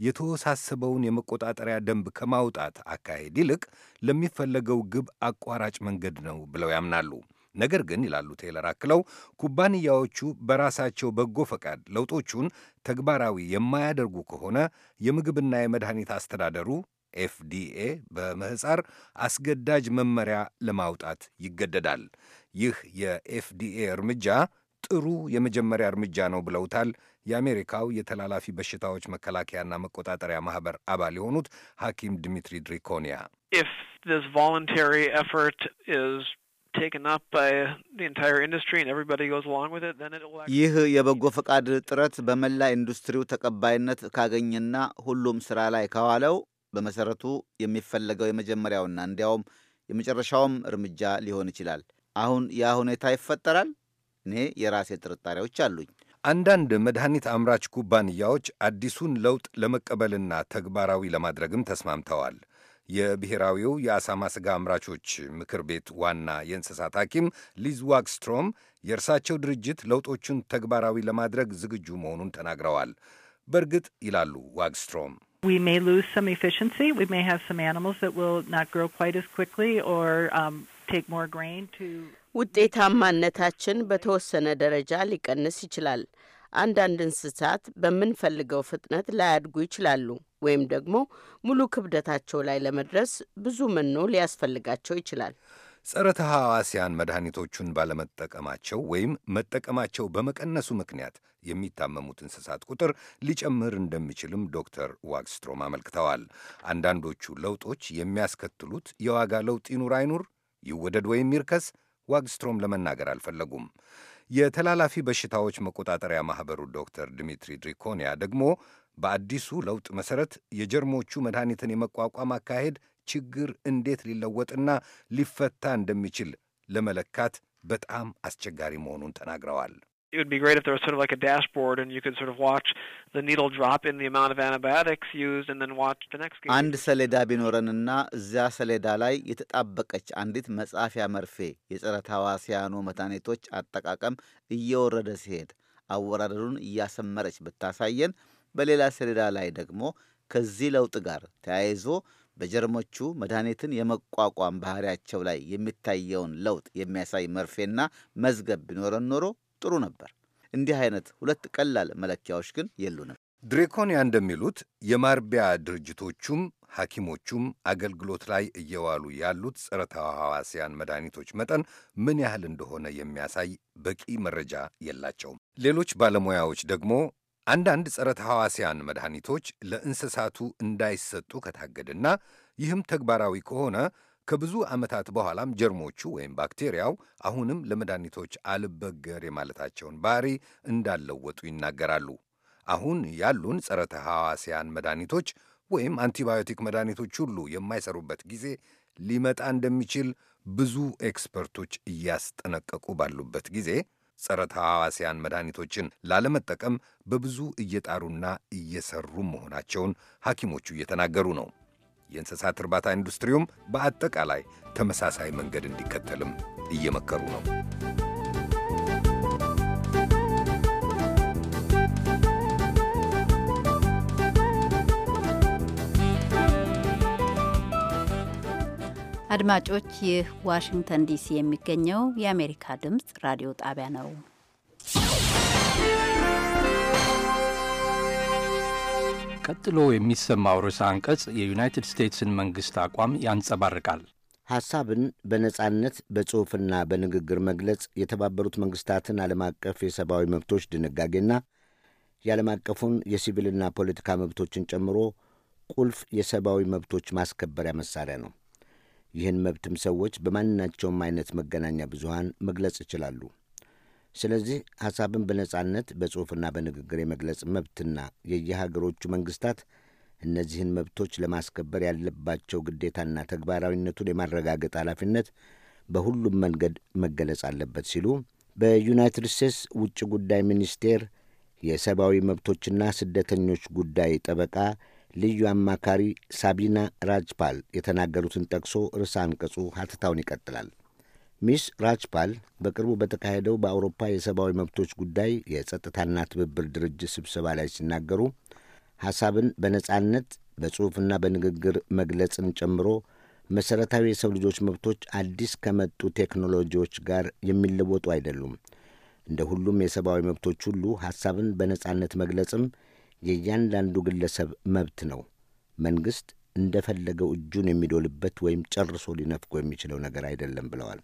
የተወሳሰበውን የመቆጣጠሪያ ደንብ ከማውጣት አካሄድ ይልቅ ለሚፈለገው ግብ አቋራጭ መንገድ ነው ብለው ያምናሉ። ነገር ግን ይላሉ ቴይለር አክለው ኩባንያዎቹ በራሳቸው በጎ ፈቃድ ለውጦቹን ተግባራዊ የማያደርጉ ከሆነ የምግብና የመድኃኒት አስተዳደሩ ኤፍዲኤ በምህፃር አስገዳጅ መመሪያ ለማውጣት ይገደዳል። ይህ የኤፍዲኤ እርምጃ ጥሩ የመጀመሪያ እርምጃ ነው ብለውታል። የአሜሪካው የተላላፊ በሽታዎች መከላከያና መቆጣጠሪያ ማህበር አባል የሆኑት ሐኪም ድሚትሪ ድሪኮኒያ ። ይህ የበጎ ፈቃድ ጥረት በመላ ኢንዱስትሪው ተቀባይነት ካገኘና ሁሉም ስራ ላይ ከዋለው በመሰረቱ የሚፈለገው የመጀመሪያውና እንዲያውም የመጨረሻውም እርምጃ ሊሆን ይችላል። አሁን ያ ሁኔታ ይፈጠራል? እኔ የራሴ ጥርጣሬዎች አሉኝ። አንዳንድ መድኃኒት አምራች ኩባንያዎች አዲሱን ለውጥ ለመቀበልና ተግባራዊ ለማድረግም ተስማምተዋል። የብሔራዊው የአሳማ ስጋ አምራቾች ምክር ቤት ዋና የእንስሳት ሐኪም ሊዝ ዋክስትሮም የእርሳቸው ድርጅት ለውጦቹን ተግባራዊ ለማድረግ ዝግጁ መሆኑን ተናግረዋል። በእርግጥ ይላሉ ዋግስትሮም um, ውጤታማነታችን በተወሰነ ደረጃ ሊቀንስ ይችላል። አንዳንድ እንስሳት በምንፈልገው ፍጥነት ላያድጉ ይችላሉ ወይም ደግሞ ሙሉ ክብደታቸው ላይ ለመድረስ ብዙ መኖ ሊያስፈልጋቸው ይችላል። ጸረ ተሐዋስያን መድኃኒቶቹን ባለመጠቀማቸው ወይም መጠቀማቸው በመቀነሱ ምክንያት የሚታመሙት እንስሳት ቁጥር ሊጨምር እንደሚችልም ዶክተር ዋግስትሮም አመልክተዋል። አንዳንዶቹ ለውጦች የሚያስከትሉት የዋጋ ለውጥ ይኑር አይኑር፣ ይወደድ ወይም ይርከስ ዋግስትሮም ለመናገር አልፈለጉም። የተላላፊ በሽታዎች መቆጣጠሪያ ማኅበሩ ዶክተር ድሚትሪ ድሪኮንያ ደግሞ በአዲሱ ለውጥ መሠረት የጀርሞቹ መድኃኒትን የመቋቋም አካሄድ ችግር እንዴት ሊለወጥና ሊፈታ እንደሚችል ለመለካት በጣም አስቸጋሪ መሆኑን ተናግረዋል። it would be great if there was sort of like a dashboard and you could sort of watch the needle drop in the amount of antibiotics used and then watch the next game. አንድ ሰሌዳ ቢኖረንና እዚያ ሰሌዳ ላይ የተጣበቀች አንዲት መጻፊያ መርፌ የጸረ ተህዋሲያኑ መድኃኒቶች አጠቃቀም እየወረደ ሲሄድ አወራረዱን እያሰመረች ብታሳየን፣ በሌላ ሰሌዳ ላይ ደግሞ ከዚህ ለውጥ ጋር ተያይዞ በጀርሞቹ መድኃኒትን የመቋቋም ባህሪያቸው ላይ የሚታየውን ለውጥ የሚያሳይ መርፌና መዝገብ ቢኖረን ኖሮ ጥሩ ነበር። እንዲህ አይነት ሁለት ቀላል መለኪያዎች ግን የሉንም። ድሬኮንያ እንደሚሉት የማርቢያ ድርጅቶቹም ሐኪሞቹም አገልግሎት ላይ እየዋሉ ያሉት ጸረ ተህዋስያን መድኃኒቶች መጠን ምን ያህል እንደሆነ የሚያሳይ በቂ መረጃ የላቸውም። ሌሎች ባለሙያዎች ደግሞ አንዳንድ ጸረ ተህዋስያን መድኃኒቶች ለእንስሳቱ እንዳይሰጡ ከታገድና ይህም ተግባራዊ ከሆነ ከብዙ ዓመታት በኋላም ጀርሞቹ ወይም ባክቴሪያው አሁንም ለመድኃኒቶች አልበገር የማለታቸውን ባህሪ እንዳለወጡ ይናገራሉ። አሁን ያሉን ጸረ ተሐዋስያን መድኃኒቶች ወይም አንቲባዮቲክ መድኃኒቶች ሁሉ የማይሰሩበት ጊዜ ሊመጣ እንደሚችል ብዙ ኤክስፐርቶች እያስጠነቀቁ ባሉበት ጊዜ ጸረ ተሐዋስያን መድኃኒቶችን ላለመጠቀም በብዙ እየጣሩና እየሰሩ መሆናቸውን ሐኪሞቹ እየተናገሩ ነው። የእንስሳት እርባታ ኢንዱስትሪውም በአጠቃላይ ተመሳሳይ መንገድ እንዲከተልም እየመከሩ ነው። አድማጮች፣ ይህ ዋሽንግተን ዲሲ የሚገኘው የአሜሪካ ድምፅ ራዲዮ ጣቢያ ነው። ቀጥሎ የሚሰማው ርዕሰ አንቀጽ የዩናይትድ ስቴትስን መንግሥት አቋም ያንጸባርቃል። ሐሳብን በነጻነት በጽሑፍና በንግግር መግለጽ የተባበሩት መንግሥታትን ዓለም አቀፍ የሰብአዊ መብቶች ድንጋጌና የዓለም አቀፉን የሲቪልና ፖለቲካ መብቶችን ጨምሮ ቁልፍ የሰብአዊ መብቶች ማስከበሪያ መሳሪያ ነው። ይህን መብትም ሰዎች በማናቸውም አይነት መገናኛ ብዙሃን መግለጽ ይችላሉ። ስለዚህ ሐሳብን በነጻነት በጽሑፍና በንግግር የመግለጽ መብትና የየሀገሮቹ መንግስታት እነዚህን መብቶች ለማስከበር ያለባቸው ግዴታና ተግባራዊነቱን የማረጋገጥ ኃላፊነት በሁሉም መንገድ መገለጽ አለበት ሲሉ በዩናይትድ ስቴትስ ውጭ ጉዳይ ሚኒስቴር የሰብአዊ መብቶችና ስደተኞች ጉዳይ ጠበቃ ልዩ አማካሪ ሳቢና ራጅፓል የተናገሩትን ጠቅሶ ርዕሰ አንቀጹ ሀተታውን ይቀጥላል። ሚስ ራጅፓል በቅርቡ በተካሄደው በአውሮፓ የሰብአዊ መብቶች ጉዳይ የጸጥታና ትብብር ድርጅት ስብሰባ ላይ ሲናገሩ ሐሳብን በነጻነት በጽሑፍና በንግግር መግለጽን ጨምሮ መሠረታዊ የሰው ልጆች መብቶች አዲስ ከመጡ ቴክኖሎጂዎች ጋር የሚለወጡ አይደሉም። እንደ ሁሉም የሰብአዊ መብቶች ሁሉ ሐሳብን በነጻነት መግለጽም የእያንዳንዱ ግለሰብ መብት ነው። መንግሥት እንደፈለገው እጁን የሚዶልበት ወይም ጨርሶ ሊነፍቆ የሚችለው ነገር አይደለም ብለዋል።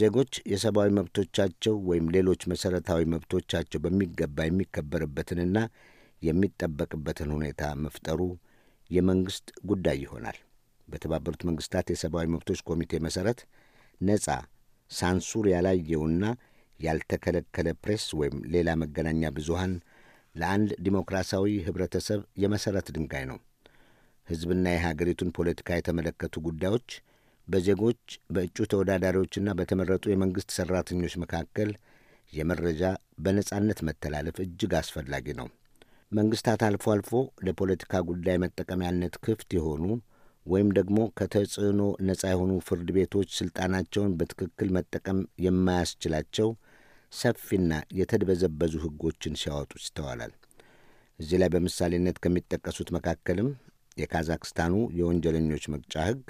ዜጎች የሰብአዊ መብቶቻቸው ወይም ሌሎች መሠረታዊ መብቶቻቸው በሚገባ የሚከበርበትንና የሚጠበቅበትን ሁኔታ መፍጠሩ የመንግሥት ጉዳይ ይሆናል። በተባበሩት መንግሥታት የሰብአዊ መብቶች ኮሚቴ መሠረት ነጻ ሳንሱር ያላየውና ያልተከለከለ ፕሬስ ወይም ሌላ መገናኛ ብዙሃን ለአንድ ዲሞክራሲያዊ ኅብረተሰብ የመሠረት ድንጋይ ነው። ሕዝብና የሀገሪቱን ፖለቲካ የተመለከቱ ጉዳዮች በዜጎች በእጩ ተወዳዳሪዎችና በተመረጡ የመንግሥት ሠራተኞች መካከል የመረጃ በነጻነት መተላለፍ እጅግ አስፈላጊ ነው። መንግሥታት አልፎ አልፎ ለፖለቲካ ጉዳይ መጠቀሚያነት ክፍት የሆኑ ወይም ደግሞ ከተጽዕኖ ነጻ የሆኑ ፍርድ ቤቶች ሥልጣናቸውን በትክክል መጠቀም የማያስችላቸው ሰፊና የተድበዘበዙ ሕጎችን ሲያወጡ ይስተዋላል። እዚህ ላይ በምሳሌነት ከሚጠቀሱት መካከልም የካዛክስታኑ የወንጀለኞች መቅጫ ሕግ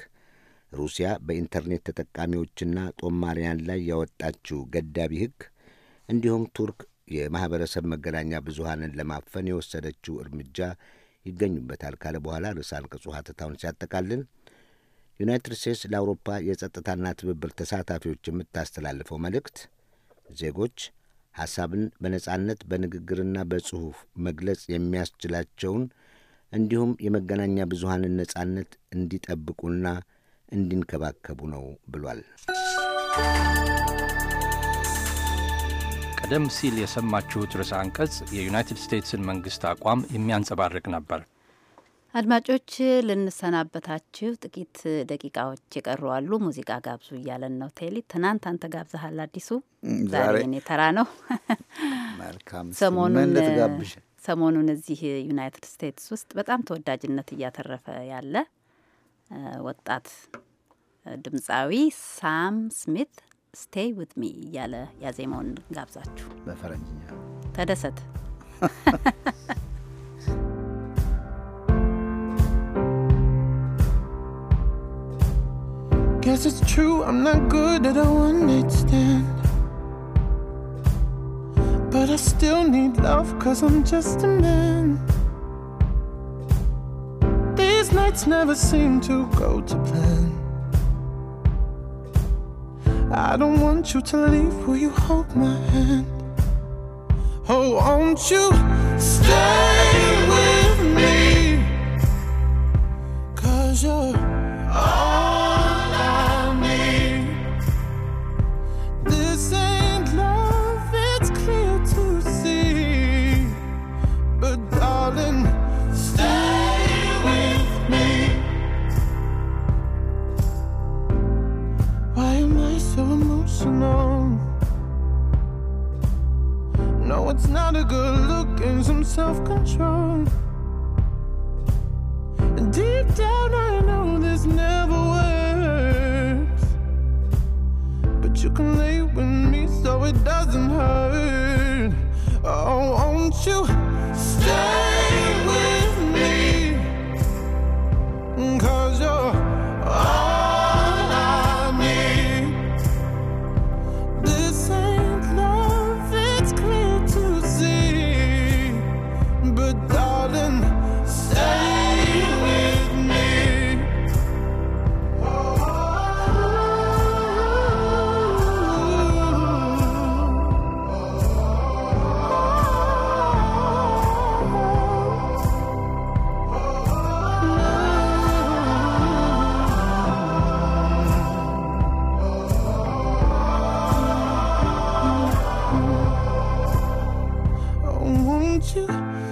ሩሲያ በኢንተርኔት ተጠቃሚዎችና ጦማሪያን ላይ ያወጣችው ገዳቢ ሕግ እንዲሁም ቱርክ የማኅበረሰብ መገናኛ ብዙሃንን ለማፈን የወሰደችው እርምጃ ይገኙበታል ካለ በኋላ ርዕሰ አንቀጹ ሐተታውን ሲያጠቃልል ዩናይትድ ስቴትስ ለአውሮፓ የጸጥታና ትብብር ተሳታፊዎች የምታስተላልፈው መልእክት ዜጎች ሐሳብን በነጻነት በንግግርና በጽሑፍ መግለጽ የሚያስችላቸውን እንዲሁም የመገናኛ ብዙሃንን ነጻነት እንዲጠብቁና እንዲንከባከቡ ነው ብሏል። ቀደም ሲል የሰማችሁት ርዕሰ አንቀጽ የዩናይትድ ስቴትስን መንግስት አቋም የሚያንጸባርቅ ነበር። አድማጮች ልንሰናበታችሁ ጥቂት ደቂቃዎች የቀሩ አሉ። ሙዚቃ ጋብዙ እያለን ነው። ቴሊ ትናንት አንተ ጋብዛሃል። አዲሱ ዛሬ እኔ ተራ ነው። ሰሞኑን ሰሞኑን እዚህ ዩናይትድ ስቴትስ ውስጥ በጣም ተወዳጅነት እያተረፈ ያለ Uh, ወጣት uh, ድምፃዊ ሳም ስሚት ስቴይ ዊት ሚ እያለ ያዜማውን ጋብዛችሁ በፈረንጅኛ ተደሰት። [LAUGHS] Guess it's true, I'm not good at a one night stand. But I still need love, cause I'm just a man nights never seem to go to plan. I don't want you to leave. Will you hold my hand? Oh, won't you stay with me? Cause you're all. self control. Deep down, I know this never works. But you can lay with me so it doesn't hurt. Oh, won't you stay? want you.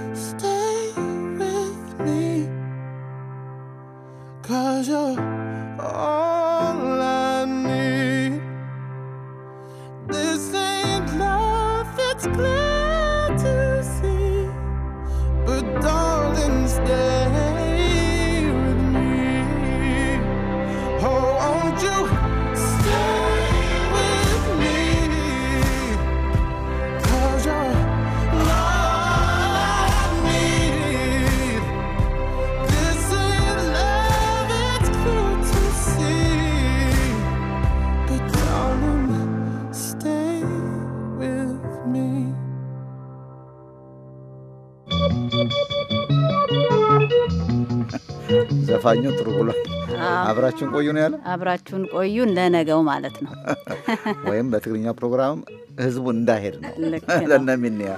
ፋኘው ጥሩ ብሏል። አብራችሁን ቆዩ ነው ያለ። አብራችሁን ቆዩ ለነገው ማለት ነው። [LAUGHS] ወይም በትግርኛ ፕሮግራም ህዝቡ እንዳሄድ ነው [LAUGHS] ለነሚኒያ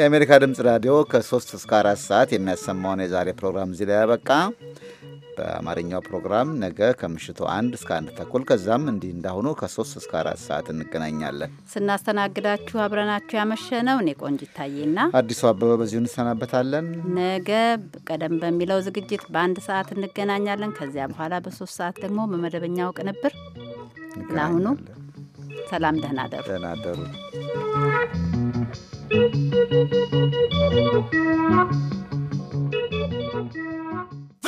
የአሜሪካ ድምፅ ራዲዮ ከሶስት እስከ አራት ሰዓት የሚያሰማውን የዛሬ ፕሮግራም እዚህ ላይ ያበቃ። በአማርኛው ፕሮግራም ነገ ከምሽቱ አንድ እስከ አንድ ተኩል ከዛም እንዲህ እንዳሁኑ ከሶስት እስከ አራት ሰዓት እንገናኛለን። ስናስተናግዳችሁ አብረናችሁ ያመሸነው እኔ ቆንጅ ይታዬና አዲሱ አበበ በዚሁ እንሰናበታለን። ነገ ቀደም በሚለው ዝግጅት በአንድ ሰዓት እንገናኛለን። ከዚያ በኋላ በሶስት ሰዓት ደግሞ በመደበኛው ቅንብር ለአሁኑ ሰላም፣ ደህና ደሩ። ደህና ደሩ።